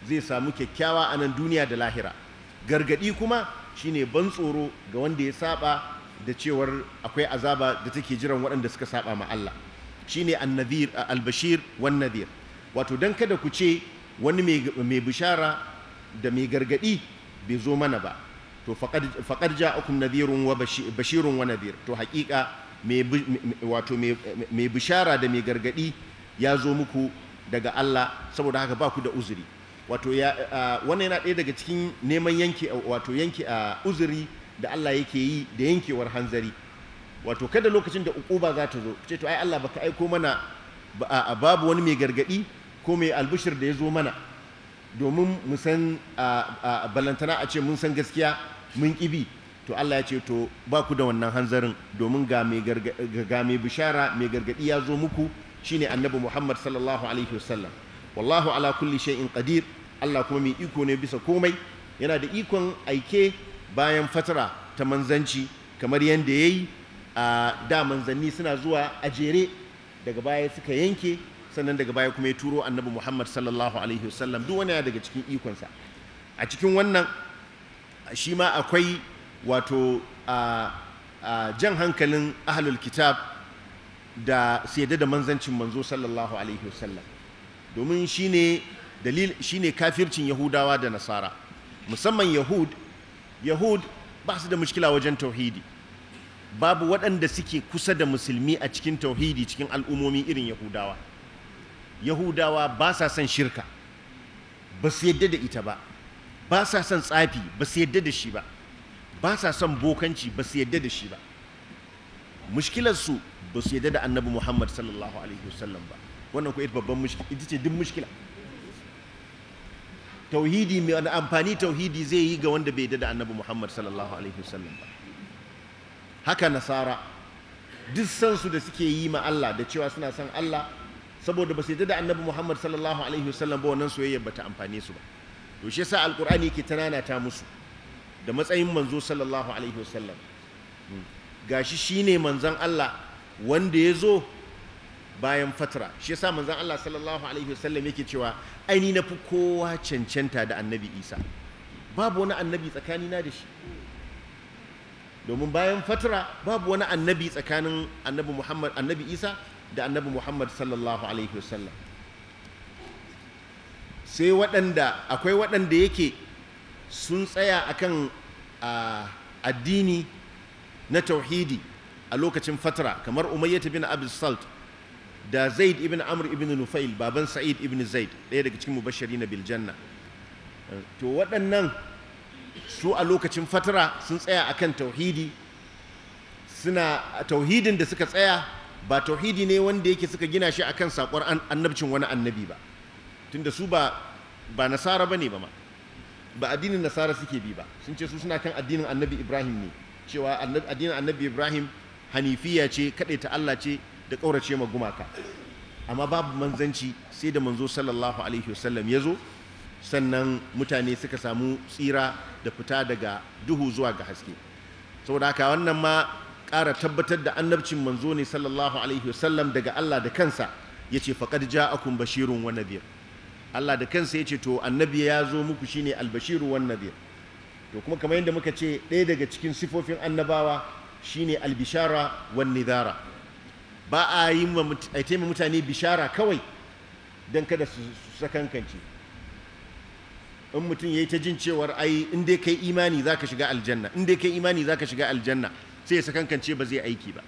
zai samu kyakkyawa a nan duniya da lahira gargadi kuma shine ban tsoro ga wanda ya saba da cewar akwai azaba da take jiran waɗanda suka saba ma Allah shine annadhir albashir wan nadhir wato dan kada ku ce wani mai bishara da mai gargadi bai zo mana ba to faqad ja'akum nadhirun wa bashirun wa nadhir to haƙiƙa wato mai bishara da mai gargadi ya zo muku daga Allah saboda haka ba ku da uzuri wato ya wannan yana ɗaya daga cikin neman yanke wato yanke a uzuri da Allah yake yi da yankewar hanzari wato kada lokacin da ukuba za ta zo ce to ai Allah baka aiko mana a babu wani mai gargadi ko mai albishir da ya zo mana domin mu san balantana a ce mun san gaskiya mun kibi to Allah ya ce to ba ku da wannan hanzarin domin ga mai bishara mai gargadi ya zo muku shine annabi Muhammad sallallahu alaihi wasallam wallahu ala kulli shay'in qadir Allah kuma mai iko ne bisa komai yana da ikon aike bayan fatara ta manzanci kamar yadda ya yi a da manzanni suna zuwa a jere daga baya suka yanke sannan daga baya kuma ya turo annabi muhammad sallallahu alaihi wasallam duk wani daga cikin ikonsa a cikin wannan shi ma akwai wato a jan hankalin ahlul kitab da su da manzancin manzo sallallahu alaihi wasallam domin shi ne dalil shine kafircin yahudawa da nasara musamman yahud yahud ba su da mushkila wajen tauhidi babu waɗanda suke kusa da musulmi a cikin tauhidi cikin al'umomi irin yahudawa yahudawa ba sa son shirka ba su yadda da ita ba ba sa son tsafi ba su yadda da shi ba ba sa son bokanci ba su yadda da shi ba mushkilarsu ba su yadda da annabi muhammad sallallahu alaihi wasallam ba wannan ko ita babban mushkila ita ce duk mushkila tauhidi mai amfani tauhidi zai yi ga wanda bai da annabi muhammad sallallahu alaihi wasallam ba haka nasara duk sansu da suke yi ma Allah da cewa suna san Allah saboda ba su yadda da annabi muhammad sallallahu alaihi wasallam ba wannan soyayya ba ta amfane su ba to shi yasa alqur'ani ke tanana ta musu da matsayin manzo sallallahu alaihi wasallam hmm. gashi shine manzon Allah wanda ya zo bayan fatara shi yasa manzon Allah sallallahu alaihi wasallam yake cewa aini na fi kowa cancanta da annabi Isa babu wani annabi tsakani na da shi domin bayan fatara babu wani annabi tsakanin annabi Muhammad annabi Isa da annabi Muhammad sallallahu alaihi wasallam sai waɗanda akwai waɗanda yake sun tsaya akan addini na tauhidi a lokacin fatara kamar umayyata bin abu salt da zaid ibn amr ibn nufail baban sa'id ibn zaid ɗaya daga cikin mubashari na biljanna to waɗannan su a lokacin fatara sun tsaya a kan tauhidi suna tauhidin da suka tsaya ba tauhidi ne wanda yake suka gina shi a kan saƙon annabcin wani annabi ba tunda su ba ba nasara ba ma ba addinin nasara suke bi ba sun ce su suna kan addinin annabi ibrahim ne cewa addinin annabi ibrahim hanifiya ce kaɗai ta allah ce da ƙaurace ma gumaka amma babu manzanci sai da manzo sallallahu alaihi wasallam ya zo sannan mutane suka samu tsira da fita daga duhu zuwa ga haske saboda haka wannan ma ƙara tabbatar da annabcin manzo ne sallallahu alaihi wasallam daga Allah da kansa ya ce faƙad ja'akum bashirun wa nadhir Allah da kansa ya ce to annabi ya zo muku shine albashiru wa nadhir to kuma kamar yadda muka ce ɗaya daga cikin sifofin annabawa shine albishara wa nidhara ba a yi taimaka mutane bishara kawai don kada su sakankance in mutum ya yi ta jin cewar ai inda ya kai imani za ka shiga aljanna in ya kai imani za ka shiga aljanna sai ya sakankance ba zai aiki ba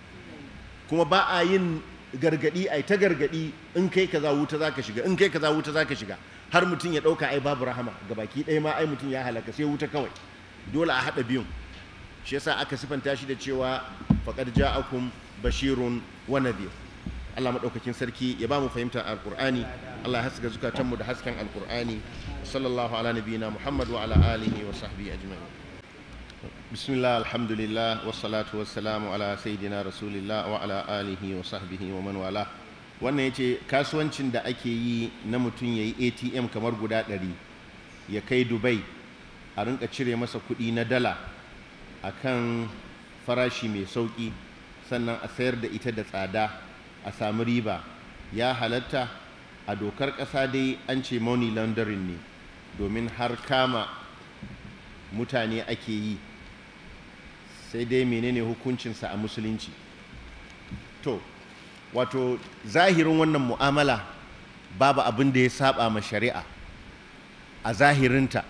kuma ba a yin gargadi ai ta gargadi in kai za wuta za ka shiga in kai za wuta za ka shiga har mutum ya ɗauka ai babu rahama ga baki ɗaya ma ai mutum ya halaka sai wuta kawai dole a haɗa biyun shi yasa aka sifanta shi da cewa faqad ja'akum bashirun wa nadhir Allah madaukakin sarki ya ba mu fahimtar alqur'ani Allah ya haska zukatanmu da hasken alqur'ani sallallahu ala nabiyyina Muhammad wa ala alihi wa sahbihi ajma'in bismillah alhamdulillah wassalatu wassalamu ala sayidina rasulillah wa ala alihi wa sahbihi wa man wala wannan yace kasuwancin da ake yi na mutum yayi ATM kamar guda 100 ya kai Dubai a rinka cire masa kuɗi na dala akan farashi mai sauƙi sannan a sayar da ita da tsada a sami riba ya halatta a dokar ƙasa dai an ce money laundering ne domin har kama mutane ake yi sai dai menene hukuncinsa a musulunci to wato zahirin wannan mu'amala babu abin da ya saba ma shari'a a zahirinta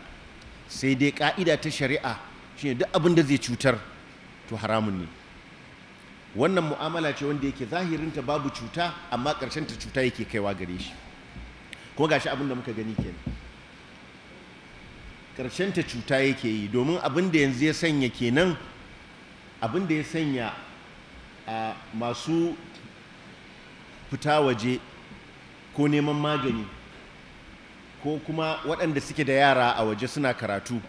sai dai ka'ida ta shari'a shine duk abin da zai cutar to haramun ne wannan mu'amala ce wanda yake zahirinta babu cuta amma ƙarshen ta cuta yake kaiwa gare shi kuma gashi abin da muka gani ke ƙarshen ta cuta yake yi domin abin da yanzu ya sanya kenan abin da ya sanya a masu fita waje ko neman magani ko kuma waɗanda suke da yara a waje suna karatu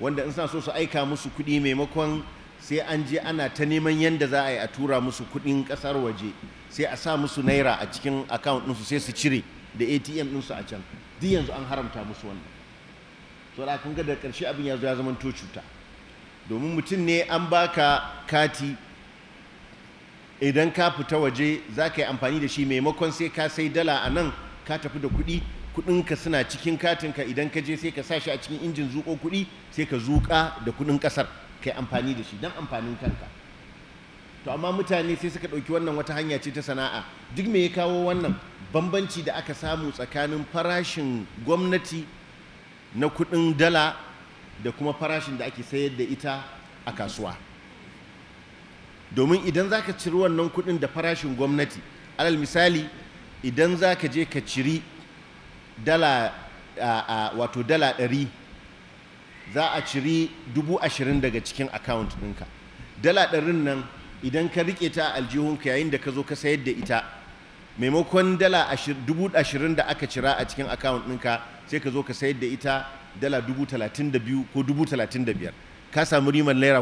wanda in suna so su aika musu kuɗi maimakon sai an je ana ta neman yadda za a yi a tura musu kuɗin ƙasar waje sai a sa musu naira a cikin account ɗinsu sai su cire da atm ɗinsu a can duk yanzu an haramta musu wannan so da kun ga da ƙarshe abin ya zo ya zama cuta domin mutum ne an baka kati idan ka fita waje za ka yi amfani da shi maimakon sai ka sai dala a nan ka tafi da kuɗi kuɗinka suna cikin katinka idan ka je sai ka sa shi a cikin injin zuƙo kuɗi sai ka zuƙa da kuɗin ƙasar kai amfani da shi don amfanin kanka to amma mutane sai suka ɗauki wannan wata hanya ce ta sana'a duk me ya kawo wannan bambanci da aka samu tsakanin farashin gwamnati na kuɗin dala da kuma farashin da ake sayar da ita a kasuwa domin idan za ka ciri wannan kuɗin da farashin gwamnati alal misali idan za ka je ka ciri dala wato dala ɗari za a ciri dubu ashirin daga cikin account ɗinka dala ɗarin nan idan ka riƙe ta aljihunka yayin da ka zo ka sayar da ita maimakon dala dubu ashirin da aka cira a cikin account ɗinka sai ka zo ka sayar da ita dala dubu talatin da biyu ko dubu talatin da biyar ka samu riman naira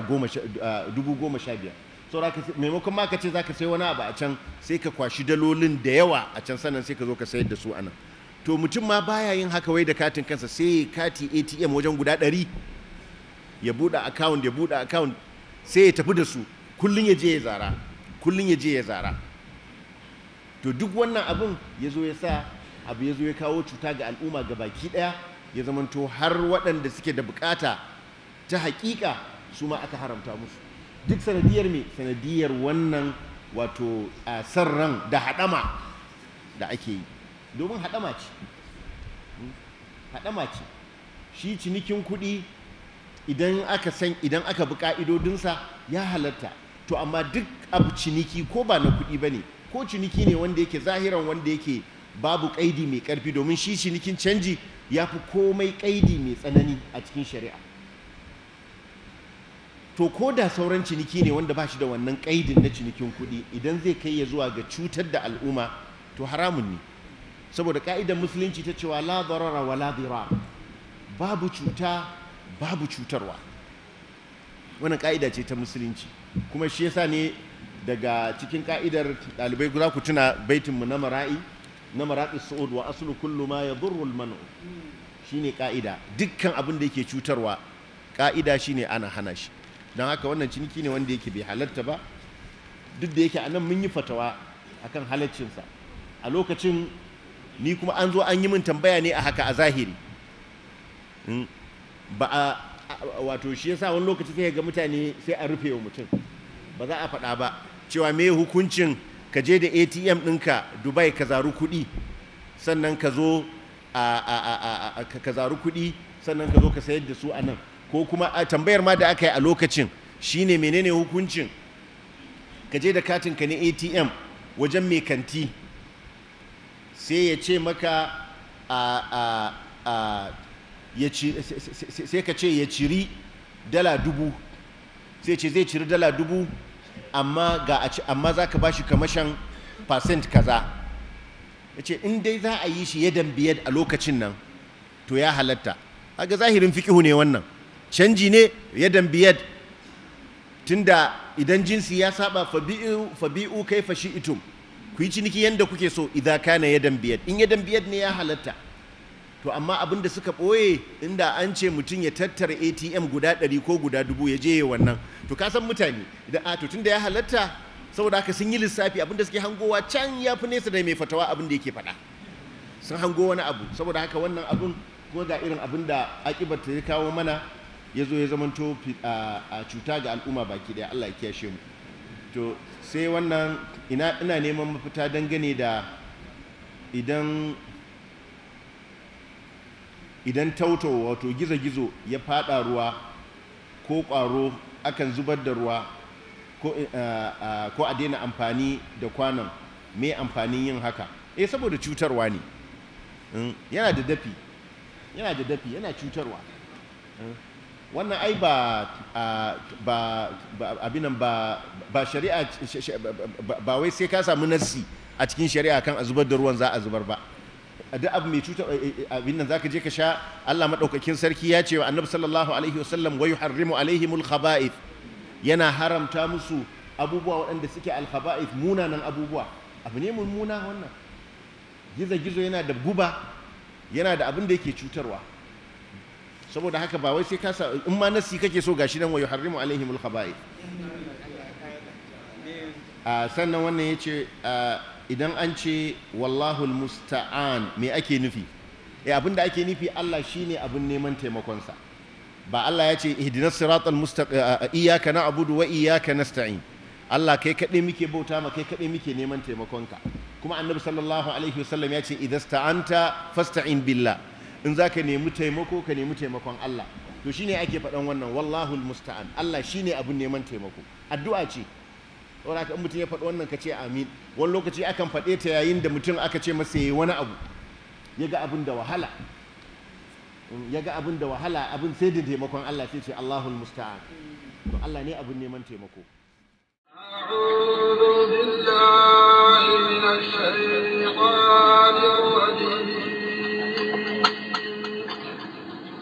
ah, dubu goma sha biyar saura maimakon ma ka ce za ka sai wani abu a can sai ka kwashi dalolin da yawa a can sannan sai ka zo ka sayar da su a nan to mutum ma baya yin haka wai da katin kansa sai kati atm wajen guda ɗari ya buɗe account ya buɗe account sai ya tafi da su kullum ya je ya zara kullum ya je ya zara to duk wannan abun ya zo ya sa abu ya zo ya kawo cuta ga al'umma ga baki ɗaya ya zamanto har waɗanda suke da buƙata ta haƙiƙa su ma aka haramta musu duk sanadiyar me sanadiyar wannan wato a san ran da haɗama da ake yi domin haɗama ce haɗama ce shi cinikin kuɗi idan aka san idan aka bi ƙa'idodinsa ya halarta, to amma duk abu ciniki ko ba na kuɗi ba ne ko ciniki ne wanda yake zahiran wanda yake babu ƙaidi mai ƙarfi domin shi cinikin canji ya fi komai ƙaidi mai tsanani a cikin shari'a to ko da sauran ciniki ne wanda ba shi da wannan kaidin na cinikin kuɗi idan zai kai ya zuwa ga cutar da al'umma to haramun ne saboda ka'idar musulunci ta cewa la darara wa la babu cuta babu cutarwa wannan ka'ida ce ta musulunci kuma shi yasa ne daga cikin ka'idar dalibai za ku tuna baitinmu na mara'i na mara'i sa'ud wa aslu kullu ma yadurru al-man'u shine ka'ida dukkan abin da yake cutarwa ka'ida shine ana hana shi don haka wannan ciniki ne wanda yake bai halarta ba duk da yake anan mun yi fatawa akan halaccinsa a lokacin ni kuma an zo an yi min tambaya ne a haka a zahiri hmm? ba a wato shi yasa wani lokaci sai ga mutane sai a rufe wa mutum ba za a faɗa ba cewa me hukuncin ka je da atm ɗinka dubai ka zaru kuɗi sannan ka zo a ka kuɗi sannan ka zo ka sayar da su a nan ko kuma tambayar ma da aka yi a lokacin shine menene hukuncin ka je da katinka na atm wajen mai kanti sai ya ce maka a sai ka ce ya ciri dala dubu sai ce zai ciri dala dubu amma ga amma za ka ba shi kamashin percent kaza ya ce in dai za a yi shi yadan biyar a lokacin nan to ya halatta aga zahirin fikihu ne wannan canji ne yadan biyar tunda idan jinsi ya saba fabi'u kai fashi itum ku yi ciniki yadda kuke so idan kana yadan biyar in yadan biyar ne ya halatta to amma abin da suka ɓoye inda an ce mutum ya tattara atm guda ɗari ko guda dubu ya je wannan to ka san mutane idan a ah, to tunda ya halatta saboda haka sun yi lissafi abin da suke hangowa can ya fi nesa da mai fatawa abin da yake faɗa sun hango wani abu saboda haka wannan abin ko ga irin abin da akibar ta kawo mana ya zo ya zamanto a cuta ga al'umma baki ɗaya allah ya kiyashe mu to sai wannan ina ina neman mafita dangane da idan idan tauto wato gizo-gizo ya fada ruwa ko kwaro akan zubar da ruwa ko eh, ah, ah, a daina amfani da kwanan mai amfanin yin haka eh saboda cutarwa ne hmm, yana da dafi yana da dafi yana cutarwa hmm. wannan ai ba abinan ba shari'a ba wai sai ka samu nassi a cikin shari'a kan a zubar da ruwan za a zubar ba duk abu mai cuta abin nan zaka je ka sha Allah madaukakin sarki ya ce wa Annabi sallallahu alaihi wasallam wa yuharrimu alaihimul khaba'ith yana haramta musu abubuwa waɗanda suke al munanan abubuwa abu ne mummuna wannan gizo gizo yana da guba yana da abin da yake cutarwa saboda haka ba wai sai ka sa in ma nasi kake so gashi nan wa yuharrimu alaihimul khaba'ith a sannan wannan yace idan an ce wallahu musta'an me ake nufi eh abin da ake nufi Allah shine abin neman taimakonsa ba Allah ya ce ihdinas siratal mustaqim iyyaka na'budu wa iyyaka nasta'in Allah kai kaɗai muke bauta ma kai kaɗai muke neman taimakonka kuma annabi sallallahu alaihi wasallam ya ce idasta'anta fasta'in billah in za ka nemi taimako ka nemi taimakon Allah to shine ake faɗan wannan wallahu musta'an Allah shine abin neman taimako addu'a ce saboda in mutum ya faɗi wannan ka ce amin wani lokaci akan faɗe ta yayin da mutum aka ce masa yayi wani abu ya ga abin da wahala ya ga abin da wahala abin sai da taimakon Allah sai ce Allahul musta'an to Allah ne abin neman taimako أعوذ بالله من الشيطان الرجيم